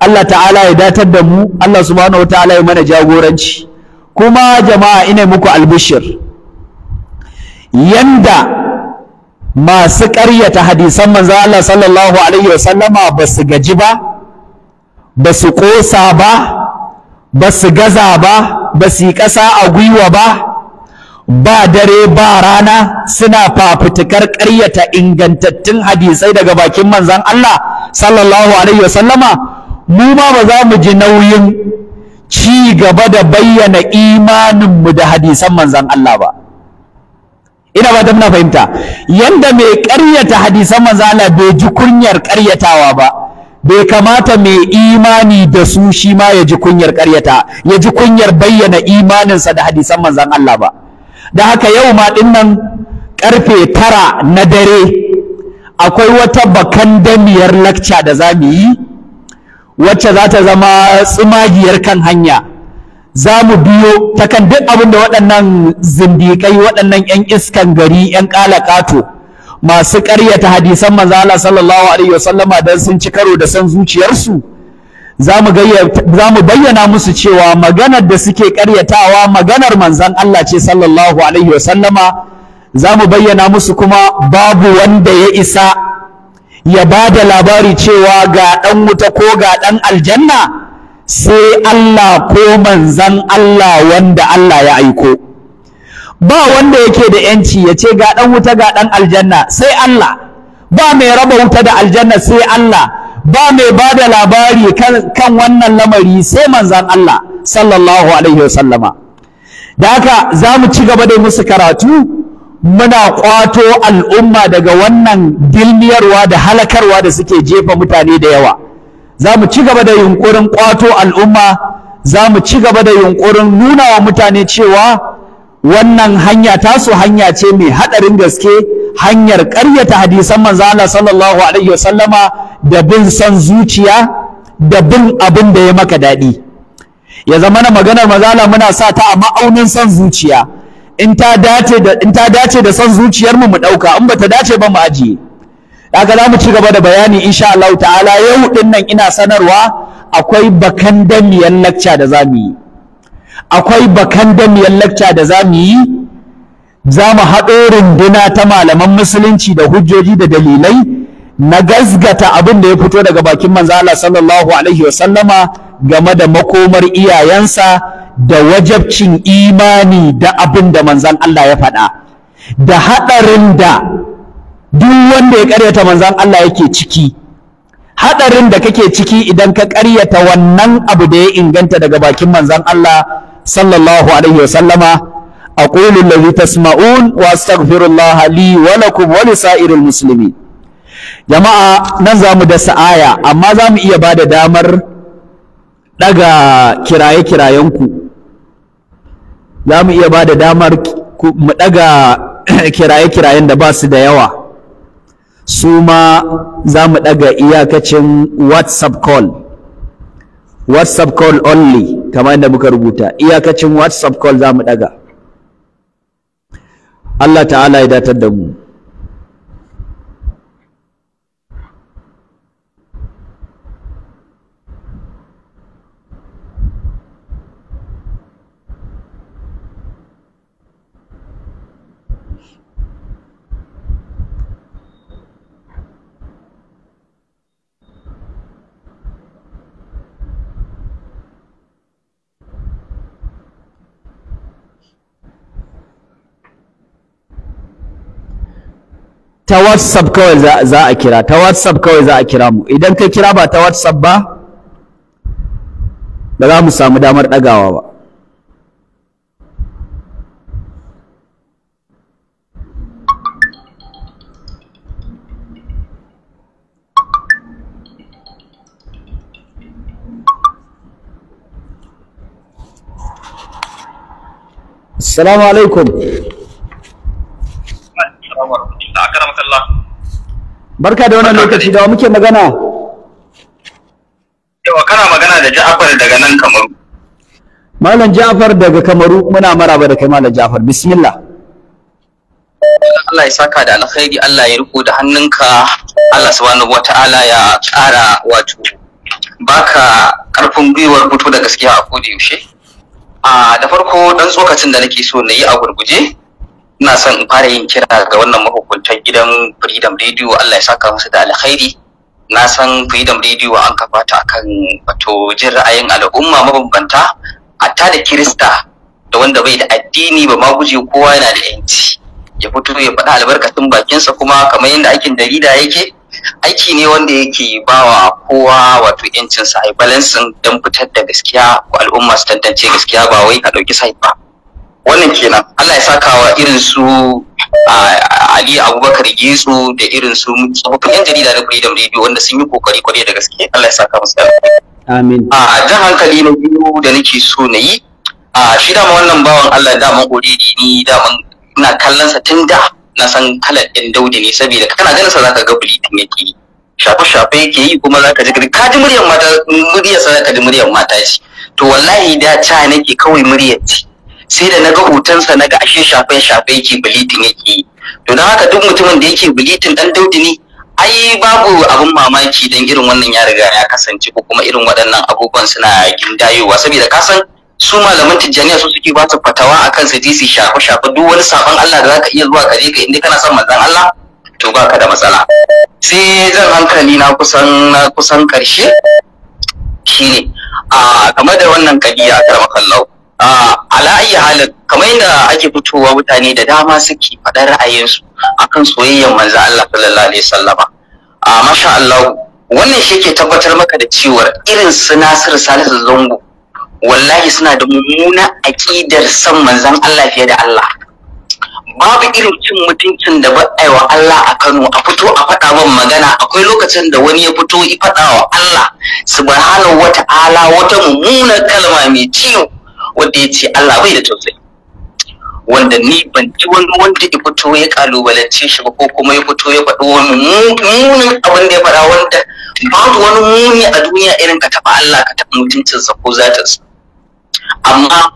Allah ta'ala ya datar da mu Allah subhanahu ta'ala ya mana jagoranci kuma jama'a ina muku albishir yanda masu ƙaryata hadisan manzo Allah sallallahu alaihi sallama, ba su gaji ba ba su kosa ba ba su gaza ba ba su yi ƙasa a gwiwa ba ba dare ba rana suna fafutukar ƙaryata ingantattun hadisai daga bakin manzon Allah sallallahu alaihi sallama. mu ma ba za mu ji nauyin ci gaba da bayyana imaninmu da hadisan manzan Allah ba ina ba ta muna fahimta yanda mai ƙaryata hadisan manzan Allah bai ji kunyar ƙaryatawa ba bai kamata mai imani da su shi ma ya ji kunyar ƙaryata ya ji kunyar bayyana imaninsa da hadisan manzan Allah ba da haka yau ma ɗin nan ƙarfe tara na dare akwai wata bakandamiyar damiyar lakca da za mu yi wacce za ta zama tsimagiyar kan hanya za mu biyo ta kan duk abin da waɗannan zindikai waɗannan 'yan iskan gari 'yan ƙala ƙato masu ƙaryata hadisan manzo Allah sallallahu alaihi wasallama dan sun ci karo da san zuciyarsu za mu bayyana musu cewa maganar da suke ƙaryatawa maganar manzon Allah ce sallallahu alaihi wasallama za mu bayyana musu kuma babu wanda ya isa ya ba da labari cewa ga ɗan wuta ko ga ɗan aljanna sai Allah ko manzan Allah wanda Allah ya aiko ba wanda yake da yanci ya ce ga ɗan wuta ga ɗan aljanna sai Allah ba mai raba wuta da aljanna sai Allah ba mai ba da labari kan wannan lamari sai manzan Allah sallallahu alaihi wasallama da haka za mu ci gaba da musu karatu muna kwato al'umma daga wannan dilmiyarwa da halakarwa da suke jefa mutane da yawa za mu ci gaba da yunkurin kwato al'umma za mu ci gaba da yunkurin nuna wa mutane cewa wannan hanya tasu hanya ce mai haɗarin gaske hanyar ƙaryata hadisan manzo Allah sallallahu alaihi wasallama da bin san zuciya da bin abin da ya maka daɗi ya zama na maganar manzo Allah muna sa ta a ma'aunin san zuciya in ta dace da son zuciyar mu mu dauka in bata dace ba mu ajiye daga za mu ci gaba da bayani insha Allah ta'ala yau din nan ina sanarwa akwai bakan damiyar lecture da zamu yi akwai bakan damiyar lecture da zamu yi za mu haɗo runduna ta malaman musulunci da hujjoji da dalilai na gazgata abin da ya fito daga bakin manzo Allah sallallahu alaihi wasallama game da makomar iyayensa da wajabcin imani da abin da manzan Allah ya faɗa da haɗarin da duk wanda ya ƙaryata manzan Allah yake ciki haɗarin da kake ciki idan ka ƙaryata wannan abu da ya inganta daga bakin manzan Allah sallallahu alaihi wasallama أقول الذي تسمعون وأستغفر الله لي ولكم ولسائر المسلمين jama'a nan za mu dasa aya amma za mu iya ba da damar ɗaga kiraye-kirayenku za mu iya ba da damar mu ɗaga kiraye-kirayen da ba su da yawa su ma za mu ɗaga iyakacin whatsapp call whatsapp call only kamar yadda muka rubuta iyakacin whatsapp call za mu ɗaga Allah ta'ala ya datar da mu ta whatsapp kawai za a kira ta whatsapp kawai za a kira mu idan ka kira ba ta whatsapp ba ba za mu samu damar ɗagawa ba Assalamu alaikum. barka da wannan lokaci da muke magana yawa kana magana da Ja'far daga nan Kamaru Malam Ja'far daga Kamaru muna maraba da kai Malam Ja'far bismillah Allah ya saka da alkhairi Allah ya riko da hannunka Allah subhanahu wata'ala ya tsara. wato baka karfin gwiwar fito da gaskiya a koda yaushe a ah, da farko dan tsokacin da nake so na yi a gurguje ina son in fara yin kira ga wannan mahukuntan gidan freedom radio allah ya saka musu da alkhairi na san freedom radio an kafa ta akan wato jin ra'ayin al'umma mabambanta hatta da kirista da wanda bai da addini ba ma guje kowa yana da yanci ya fito ya faɗa albarkacin bakinsa kuma kamar yadda aikin jarida yake aiki ne wanda yake bawa kowa wato yancinsa a balansin don fitar da gaskiya ko al'umma su tantance gaskiya ba wai ka ɗauki sai ba wannan kenan Allah ya sakawa irin su Ali Abubakar Getsu da irin su abokan yan jarida na Freedom Radio wanda sun yi kokari kwarai da gaske Allah ya saka musu Amin. A jan hankali na biyu da nake so na yi a shi dama wannan bawan Allah daman oridi ni daman ina kallon sa tun da na san kalar ɗin daudi ne saboda kana ganin sa zaka ga buli din yake yi shafe shafe yake yi kuma zaka ji ka ji muryar mata muryar sa zaka ji muryar mata ce to wallahi da ta nake kawai muryar ce sai da naga hotonsa naga ashe shafe shafe yake bilitin yake yi to don haka duk mutumin da yake bilitin dan daudi ne ai babu abin mamaki dan irin wannan ya riga ya kasance ko kuma irin waɗannan abubuwan suna gindayowa saboda kasan su malaman tijjaniya su suke ba su fatawa akan su ji su shafe duk wani sabon Allah da zaka iya zuwa gare ka inda kana son manzon Allah to ba ka da matsala sai zan hankali na kusan na kusan karshe shine a game da wannan kadiya karamakallahu A ayi halin kamar yadda ake fitowa mutane da dama suke faɗar ra'ayinsu akan soyayyar manzo Allah sallallahu alaihi wasallama a masha Allah wannan shi ke tabbatar maka da cewa irin su Nasiru Salisu Zango wallahi suna da mummuna aƙidar san manzon Allah fiye da Allah babu irin cin mutuncin da ba wa Allah a Kano a fito a faɗa min magana akwai lokacin da wani ya fito ya faɗa wa Allah subhanahu wata'ala wata mummuna kalma mai ciwo wanda ya ce Allah bai da tausayi wanda ni ban ji wani wanda ya fito ya kalubalance shi ba ko kuma ya fito ya faɗi wani munin abin da ya faɗa wanda babu wani muni a duniya irin ka taɓa Allah ka taɓa mutuncinsa ko zatinsa amma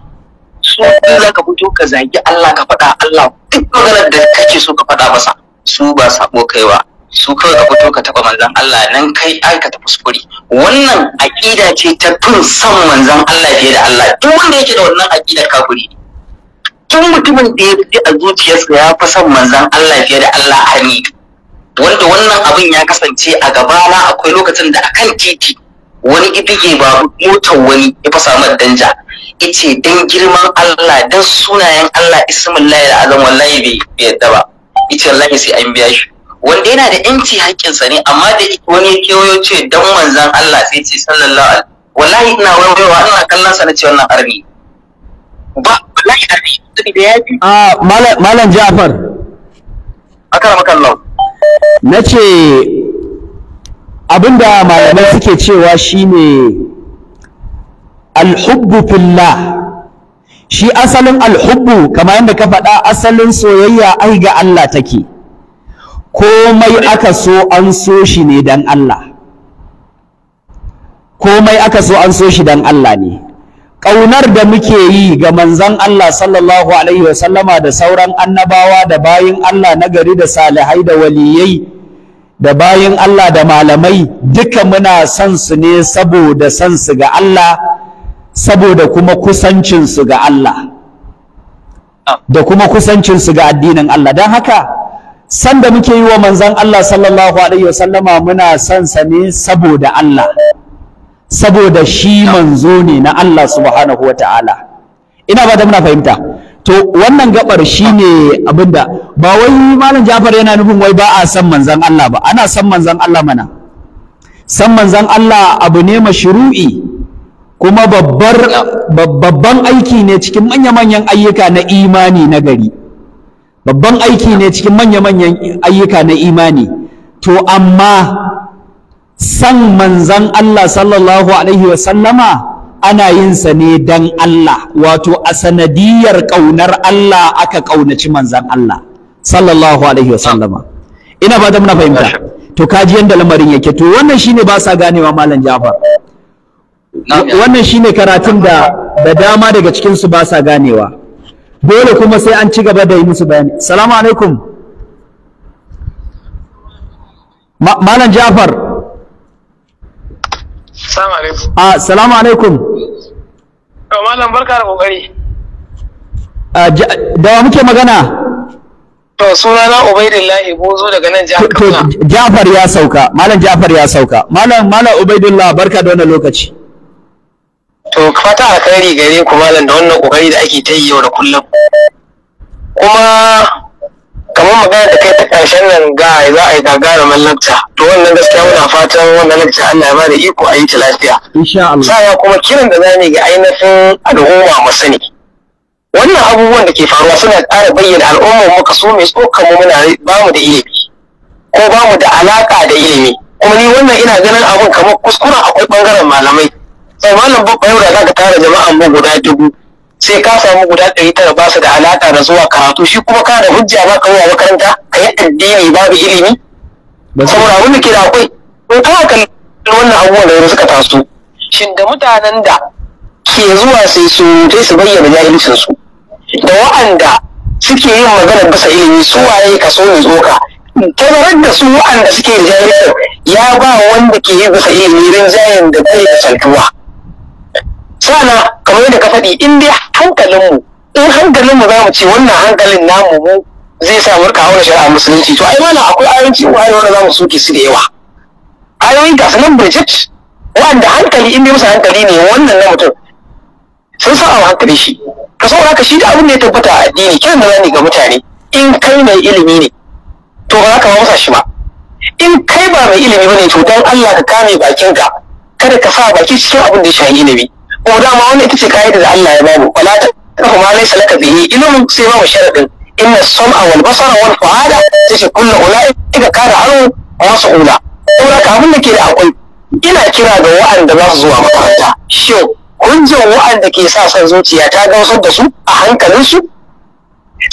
su za ka fito ka zagi Allah ka faɗa Allah duk maganar da kake so ka faɗa masa su ba sabo kaiwa su kawai ka fito ka taba manzan Allah nan kai tafi kuskure wannan aƙida ce ta tun san manzan Allah fiye da Allah duk wanda yake da wannan aqida kafiri tun mutumin da ya fi a zuciyarsa ya fi san manzan Allah fiye da Allah hani wanda wannan abin ya kasance a gaba na akwai lokacin da akan titi wani idige ba motar wani ya fasa mar danja ice dan girman Allah dan sunayen Allah ismullahi da azam wallahi bai yadda ba ice wallahi sai an biya shi wanda yana da yanci haƙƙinsa ne amma da wani ya kewayo ce dan manzan Allah sai ce sallallahu alaihi wallahi ina wayewa ina kallon sa na ce wannan arni ba wallahi arni da yafi fi a ah, malam Ja'far akara makallau nace abinda malamai suke cewa shine alhubbu fillah shi asalin alhubbu kamar yadda ka faɗa asalin soyayya ai ga Allah take komai aka so an so shi ne dan Allah komai aka so an so shi dan Allah ne ƙaunar da muke yi ga manzon Allah sallallahu alaihi wasallama da sauran annabawa da bayin Allah na gari da salihai da waliyai da bayin Allah da malamai duka muna son su ne saboda son su ga Allah saboda kuma kusancin su ga Allah ah. da kuma kusancin su ga addinin Allah don haka Sanda muke yi wa manzon Allah sallallahu alaihi wasallama muna son sa ne saboda Allah saboda shi manzo ne na Allah subhanahu wataala ina ba da muna fahimta to wannan gabar shine abinda ba wai malam Jafar yana nufin wai ba a san manzon Allah ba ana san manzon Allah mana san manzon Allah abu ne mashru'i kuma babbar babban aiki ne cikin manya-manyan ayyuka na imani na gari babban aiki ne cikin manya-manyan ayyuka na imani to amma san manzan Allah sallallahu alaihi wasallama ana yin sa ne dan Allah wato a sanadiyar ƙaunar Allah aka ƙaunaci manzan Allah sallallahu alaihi wasallama ina ba da muna fahimta to kaji yanda lamarin yake to wannan shine ba sa ganewa malam Jafar wannan shine karatun da da dama daga cikin su ba sa ganewa dole kuma sai an ci gaba da yi musu bayani salamu alaikum malam jafar salamu alaikum a ah, malam barka da kokari ah, da wa muke magana to suna na ubaidullahi bozo daga nan jihar kaduna jafar ya sauka malam jafar ya sauka malam malam ubaidullahi barka da wannan lokaci To fata alkhairi gare ku malam da wannan kokari da ake ta yi yau da kullum. Kuma kamar magana da kai ta ƙarshen nan ga za a yi gagara mallakta to wannan gaskiya muna fatan wannan lakta Allah ya bada iko a yi ta lafiya insha Allah sai kuma kiran da zamu ga ainihin al'umma mu sani wannan abubuwan da ke faruwa suna ƙara bayyana al'ummar mu kaso mai tsokan mu muna ba mu da ilimi ko ba mu da alaka da ilimi kuma ni wannan ina ganin abun kamar kuskuren akwai bangaren malamai malam babba yau da za ka tara jama'an mu guda dubu sai ka samu guda ɗari tara ba su da alaƙa da zuwa karatu shi kuma ka da hujja ba ka yi a makaranta ka yi addini babu ilimi saboda abin da ke da akwai in ka kalli wannan abubuwan da wani suka taso shin da mutanen da ke zuwa sai su dai su bayyana su da wa'anda suke yin magana bisa ilimi su waye ka so ne tsoka tabarar da su wa'anda suke jahilcin ya ba wanda ke yi bisa ilimi rinjayen da bai da saltuwa. sana kamar yadda ka faɗi in dai hankalinmu in hankalinmu za mu ce wannan hankalin namu mu zai sa murka auna shari'a musulunci to ai mana akwai ko ayoyi wanda za mu soke su da yawa ayoyi ga sanan budget wanda hankali in dai musa hankali ne wannan na mutum sun sa a hankali shi ka saboda haka shi da abin da ya tabbata a addini kiran da zani ga mutane in kai mai ilimi ne to ba za ka musa shi ba in kai ba mai ilimi bane to dan Allah ka kame bakinka kada ka sa baki cikin abin da ya shafi ilimi ko dama wani ita ce ka'ida da Allah ya bamu wala ta kafa ma laysa laka bihi ilmun sai ba mu sharadin inna sam'a wal basara wal fu'ada tace kullu ulaika aro a wasu saboda ka abin da ke da akwai ina kira ga wa'anda za su zuwa makaranta shin hujjar wa'anda ke sa son zuciya ta gamsar da su a hankalinsu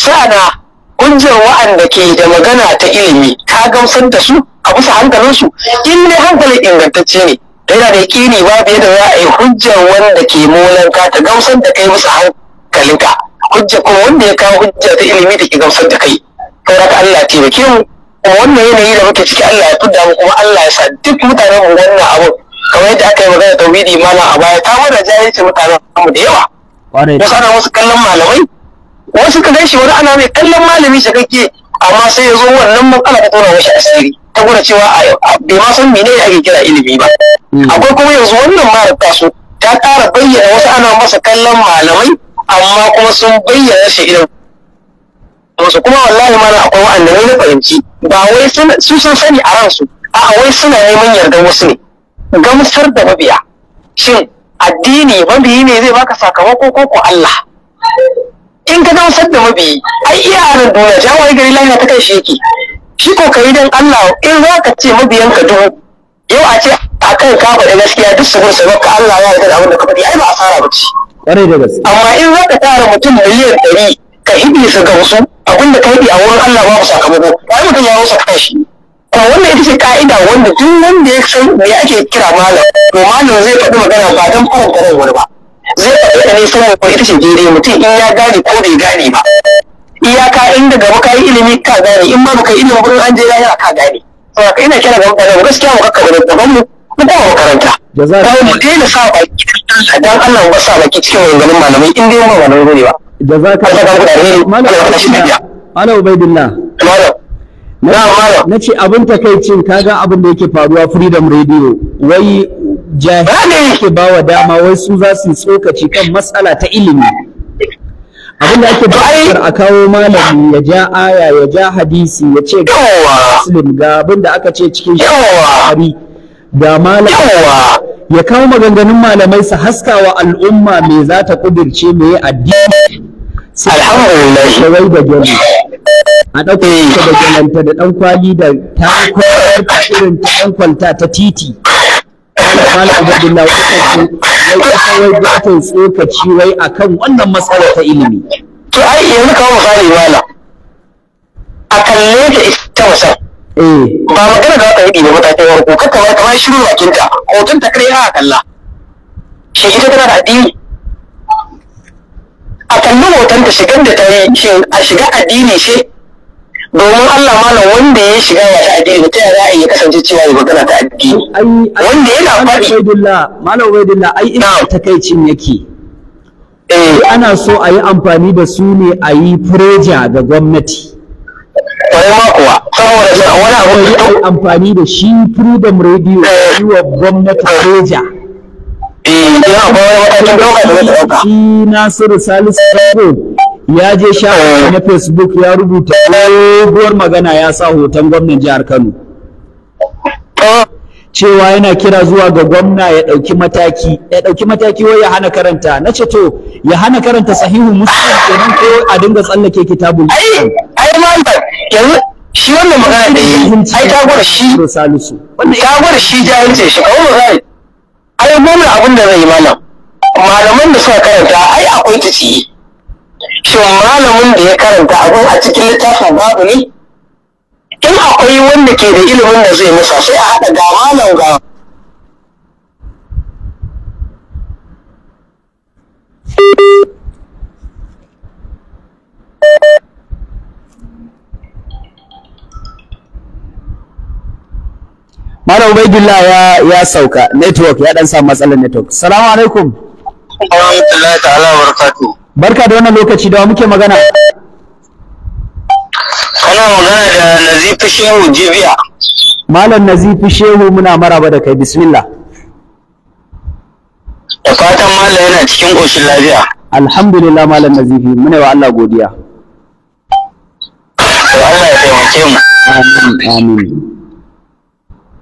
sa'ana hujjar wa'anda ke da magana ta ilimi ta gamsar da su a bisa hankalinsu in dai hankalin ingantacce ne yana da yaƙini babu yadda za a yi hujjar wanda ke ka ta gamsar da kai musu hankalinka hujja kuma wanda ya kawo hujja ta ilimi da ke gamsar da kai kai da Allah ya taimake mu kuma wannan yanayi da muke ciki Allah ya tudda mu kuma Allah ya sa duk mutanen mu wannan abu kamar yadda aka yi magana tauhidi malam a baya ta mana jahilci mutanen mu da yawa wasu ana wasu kallon malamai wasu ka gan shi wani ana mai kallon malami kake amma sai ya zo wannan ka ta tona mashi asiri saboda cewa bai ma san menene ake kira ilimi ba hmm. akwai kuma yanzu wannan marar taso ta ƙara bayyana wasu ana masa kallon malamai amma kuma sun bayyana shi idan wasu kuma wallahi ma akwai wa'anda ne na fahimci ba wai su sun sani a ransu a wai suna neman yardan wasu ne gamsar da mabiya shin addini mabiyi ne zai baka sakamako ko ko Allah in ka gamsar da mabiyi ai iya nan duniya jawai gari lafiya ta kai shi yake shi kokari dan Allah in za ka ce mabiyan ka duhu yau a ce a kan ka da gaskiya duk su gusa ka Allah ya yarda da abin da ka faɗi ai ba fara ba ce ƙwarai da gaske amma in za ka tara mutum miliyan ɗari ka hiɗe su ga wasu abin da ka hiɗe a wurin Allah ba ku sakamako ba ai mutum ya rusa kashi. to wannan ita ce ka'ida wanda duk wanda ya san me ake kira malam to malam zai faɗi magana ba dan faranta rai wani ba zai faɗi da ne saboda ita ce daidai mutum in ya gane ko bai gane ba iyaka inda gaba kayi ilimi ka gane in ma baka yi ilimi gurin an je lahira ka gane saboda ina kira ga mutane gaskiya mu kakka wani gaban mu mu ba makaranta kawai mu daina sa baki dan Allah ba sa baki cikin wanganin malamai in dai ba malamai ne ba jazaka Allah ana ubaidillah na ce abin takaicin ga abin da yake faruwa freedom radio wai jahilai ke bawa dama wai su za su tsokaci kan matsala ta ilimi abin da ake buƙatar a kawo malami ya ja aya ya ja hadisi ya ce ga muslim ga abin da aka ce cikin shari'a ga malami ya kawo maganganun malamai su haskawa al'umma me za ta kudirce me addini alhamdulillah shawai da gani a ɗauko eh. ta da galanta da ɗan kwali da ta kwalta irin ta ɗan kwalta ta titi malam wai ita wai ba tsokaci wai akan wannan matsala ta ilimi to ai yanzu kawo misali wala a kalle da ita wasa. Eh. ba magana da aka yi ne matakin warko kakka ba kamar shiru bakinta hoton ta kare a kalla shi ita tana da addini a kalli hoton ta shigar da ta yi a shiga addini shi domin Allah malam wanda ya shiga ya ta addini ta za a kasance cewa ya magana ta addini wanda yana faɗi malam ubaidillah ai ina takaicin yake eh. ana so a yi amfani da su ne a yi fureja ga gwamnati wani abu yi amfani da shi freedom radio eh. yi wa gwamnati fureja eh, shi nasiru salisu sabo ya je shawarwa na facebook ya rubuta doguwar magana ya sa hoton gwamnan jihar kano cewa yana kira zuwa ga gwamna ya ɗauki mataki ya ɗauki mataki wai ya hana karanta na ce to ya hana karanta sahihu muslim kenan ko a dinga tsallake kitabul ai ai malam yanzu shi wannan magana da yi ai ta gwada shi salisu wannan ta gwada shi jahilce shi kawai magana ai gwamna abin da zai yi malam malaman da suka karanta ai akwai ta tsiye shin malamin da ya karanta abin a cikin littafin babu ne in akwai wanda ke da ilimin da zai musa sai a haɗa ga malam ga Malam Ubaidullah ya ya sauka network ya dan samu matsalar network. Assalamu alaikum. Wa rahmatullahi ta'ala wa barakatuh. barka da wannan lokaci da muke magana kana magana da nazifi shehu jibiya malam nazifi shehu muna maraba da kai bismillah da fatan malam yana cikin ƙoshin lafiya alhamdulillah malam nazifi muna wa Allah godiya Allah ya taimake mu amin amin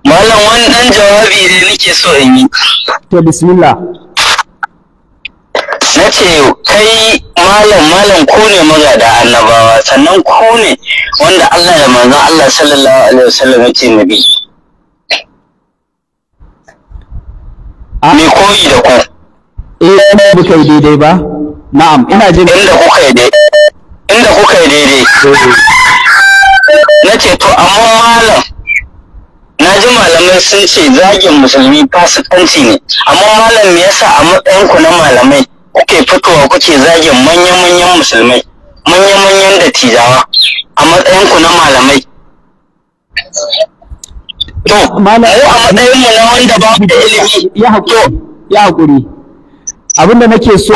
malam wani dan jawabi ne nake so in yi to bismillah ce kai malam malam ku ne magada annabawa sannan ku ne wanda Allah ya manzo Allah sallallahu alaihi wasallam yake nabi me koyi da ku eh ba kai daidai ba na'am ina jin inda ku kai dai inda ku kai daidai na ce to amma malam na ji malamai sun ce zagin musulmi fasikanci ne amma malam me yasa a matsayin ku na malamai kuke fitowa kuke zagin manya-manyan musulmai manya-manyan dattijawa a matsayinku na malamai to malamai a mu na wanda ba da ilimi ya haƙuri ya haƙuri abinda nake so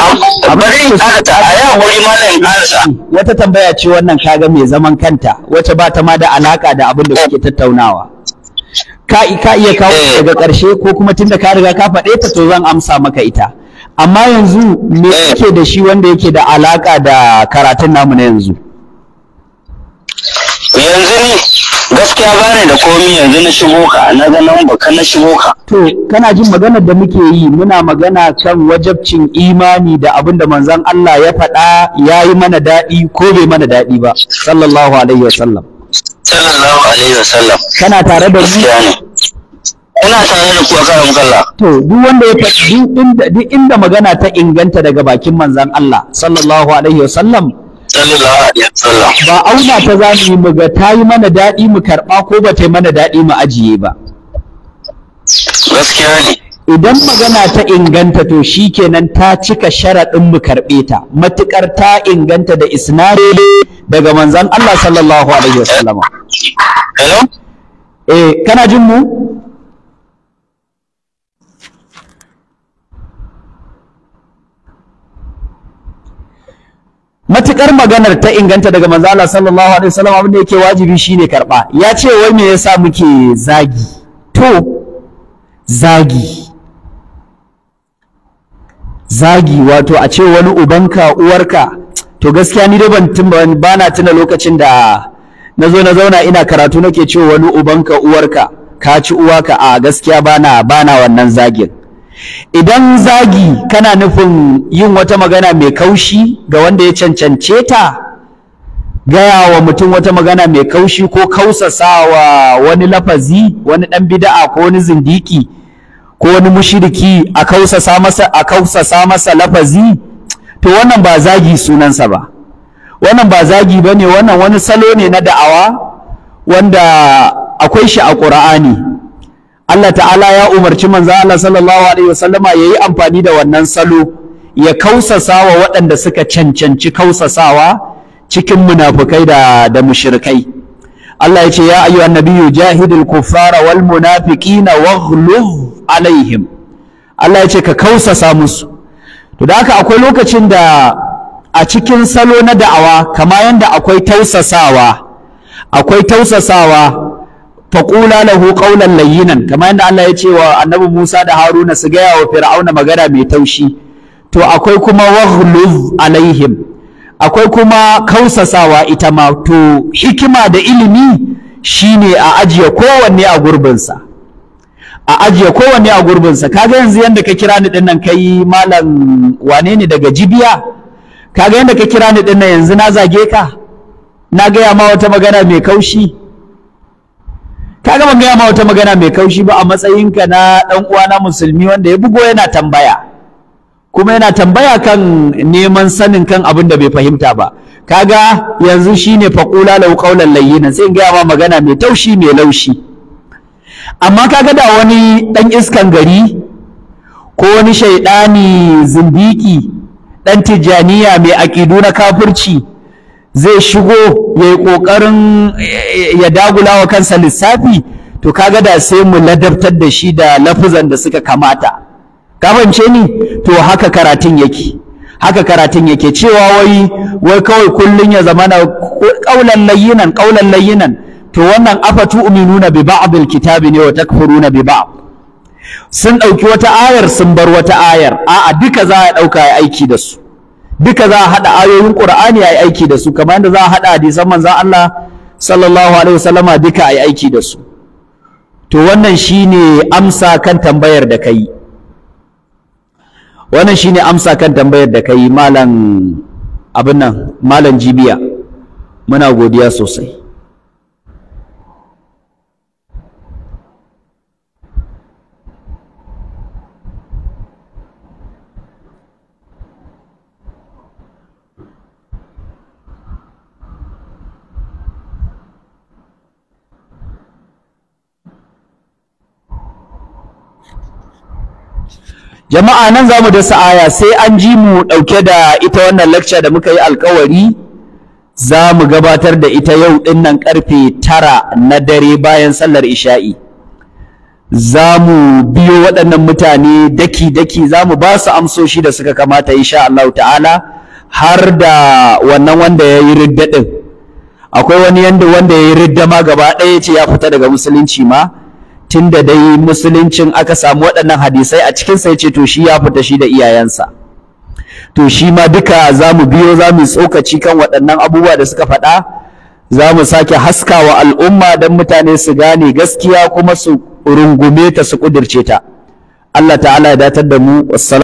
bari in karata a yi haƙuri malam wata tambaya ce wannan kaga mai zaman kanta wacce ba ta ma da alaƙa da abin da kuke tattaunawa ka iya kawo eh. daga ƙarshe ko kuma tunda ka riga ka faɗe ta to zan amsa maka ita amma yanzu me yake eh. da shi wanda yake da alaka da karatun namu na yanzu yanzu ne gaskiya bani da komi yanzu na shigo ka na ga nan baka na shigo ka to kana jin maganar da muke yi muna magana kan wajabcin imani da abin da manzon Allah ya faɗa ya yi mana daɗi ko bai mana daɗi ba sallallahu alaihi wasallam sallallahu alaihi wasallam kana tare da mu Ina tare da ku a karan kalla. To duk wanda ya faɗi duk inda magana ta inganta daga bakin manzon Allah sallallahu alaihi wasallam ba auna ta za mu yi mu ga ta yi mana daɗi mu karɓa ko ba ta yi mana daɗi mu ajiye ba. Gaskiya ne. Idan magana ta inganta to shi kenan ta cika sharaɗin mu karɓe ta matuƙar ta inganta da isnari daga manzan Allah sallallahu alaihi wasallam. Hello? Eh kana jin mu? matukar maganar ta inganta daga manzo Allah sallallahu alaihi wasallam abin da yake wajibi shine karba ya ce wai me yasa muke zagi to zagi zagi wato a ce wani ubanka uwarka to gaskiya ni da ban ba na tuna lokacin da nazo na zauna ina karatu nake ce wani ubanka uwarka ka ci uwaka a gaskiya bana bana wannan zagin idan zagi kana nufin yin wata magana mai kaushi ga wanda ya cancance ta gaya wa mutum wata magana mai kaushi ko kausasawa wani lafazi wani ɗan bida'a ko wani zindiki ko wani mushiriki a kausasa masa a kausasa masa lafazi to wannan ba zagi sunansa ba wannan ba zagi ba ne wannan wani salo ne na da'awa wanda akwai shi a ƙur'ani Allah ta'ala ya umarci manzo Allah sallallahu alaihi wasallama yayi amfani da wannan salo ya kausasa wa waɗanda suka cancanci kausasawa cikin munafukai da da mushrikai Allah ya ce ya ayyuhan nabiyyu jahidil kuffara wal munafiqina waghlub alaihim Allah ya ce ka kausasa musu to da haka akwai lokacin da a cikin salo na da'awa kama yanda akwai tausasawa akwai tausasawa faqula lahu qawlan layyinan kamar yadda Allah ya ce wa annabi Musa da Haruna su gaya wa Fir'auna magana mai taushi to akwai kuma waghluz alaihim akwai kuma kausasawa ita ma to hikima da ilimi shine a ajiye kowanne a gurbinsa a ajiye kowanne a gurbinsa kaga yanzu yanda ka kira ni dinnan kai malam wane ne daga jibiya kaga yanda ka kira ni dinnan yanzu na zage ka na gaya ma wata magana mai kaushi ka ban gaya ma wata magana mai kaushi ba a matsayinka na ɗan uwa na musulmi wanda ya bugo yana tambaya kuma yana tambaya kan neman sanin kan abin da bai fahimta ba kaga yanzu shine faqula law qawlan layyinan sai in gaya ma magana mai taushi mai laushi amma kaga da wani ɗan iskan gari ko wani shaidani zimbiki ɗan tijjaniya mai aƙidu na kafirci zai shigo ya yi ƙoƙarin ya dagula wa kansa lissafi to kaga da sai mu ladabtar da shi da lafuzan da suka kamata kafance ni to haka karatun yake haka karatun yake cewa wai wai kawai kullun ya zamana ƙaulan layyinan ƙaulan layyinan to wannan afatu uminuna bi ba'dil kitabi ne wa takfuruna bi ba'd sun ɗauki wata ayar sun bar wata ayar a'a duka za a ɗauka aiki da su duka za a haɗa ayoyin ƙur'ani a yi aiki da su kamar yadda za a haɗa hadisan manzan Allah sallallahu alaihi wasallama duka a yi aiki da su to wannan shine amsa kan tambayar da kai wannan shine amsa kan tambayar da kai malam abin nan malam jibiya muna godiya sosai jama'a nan za mu dasa aya sai an ji mu ɗauke da ita wannan lecture da muka yi alkawari za mu gabatar da ita yau din nan karfe tara na dare bayan sallar isha'i za mu biyo waɗannan mutane daki-daki za mu ba su amsoshi da suka kamata insha Allah ta'ala har da wannan wanda ya yi ridda akwai wani yanda wanda ya yi ridda ma gaba ɗaya ce ya fita daga musulunci ma tunda dai musuluncin aka samu waɗannan hadisai a cikin sai ce to shi ya fita shi da iyayensa to shi ma duka za mu biyo za mu tsokaci kan waɗannan abubuwa da suka faɗa za mu sake wa al'umma don mutane su gane gaskiya kuma su rungume ta su ƙudirce ta Allah ta'ala ya datar da mu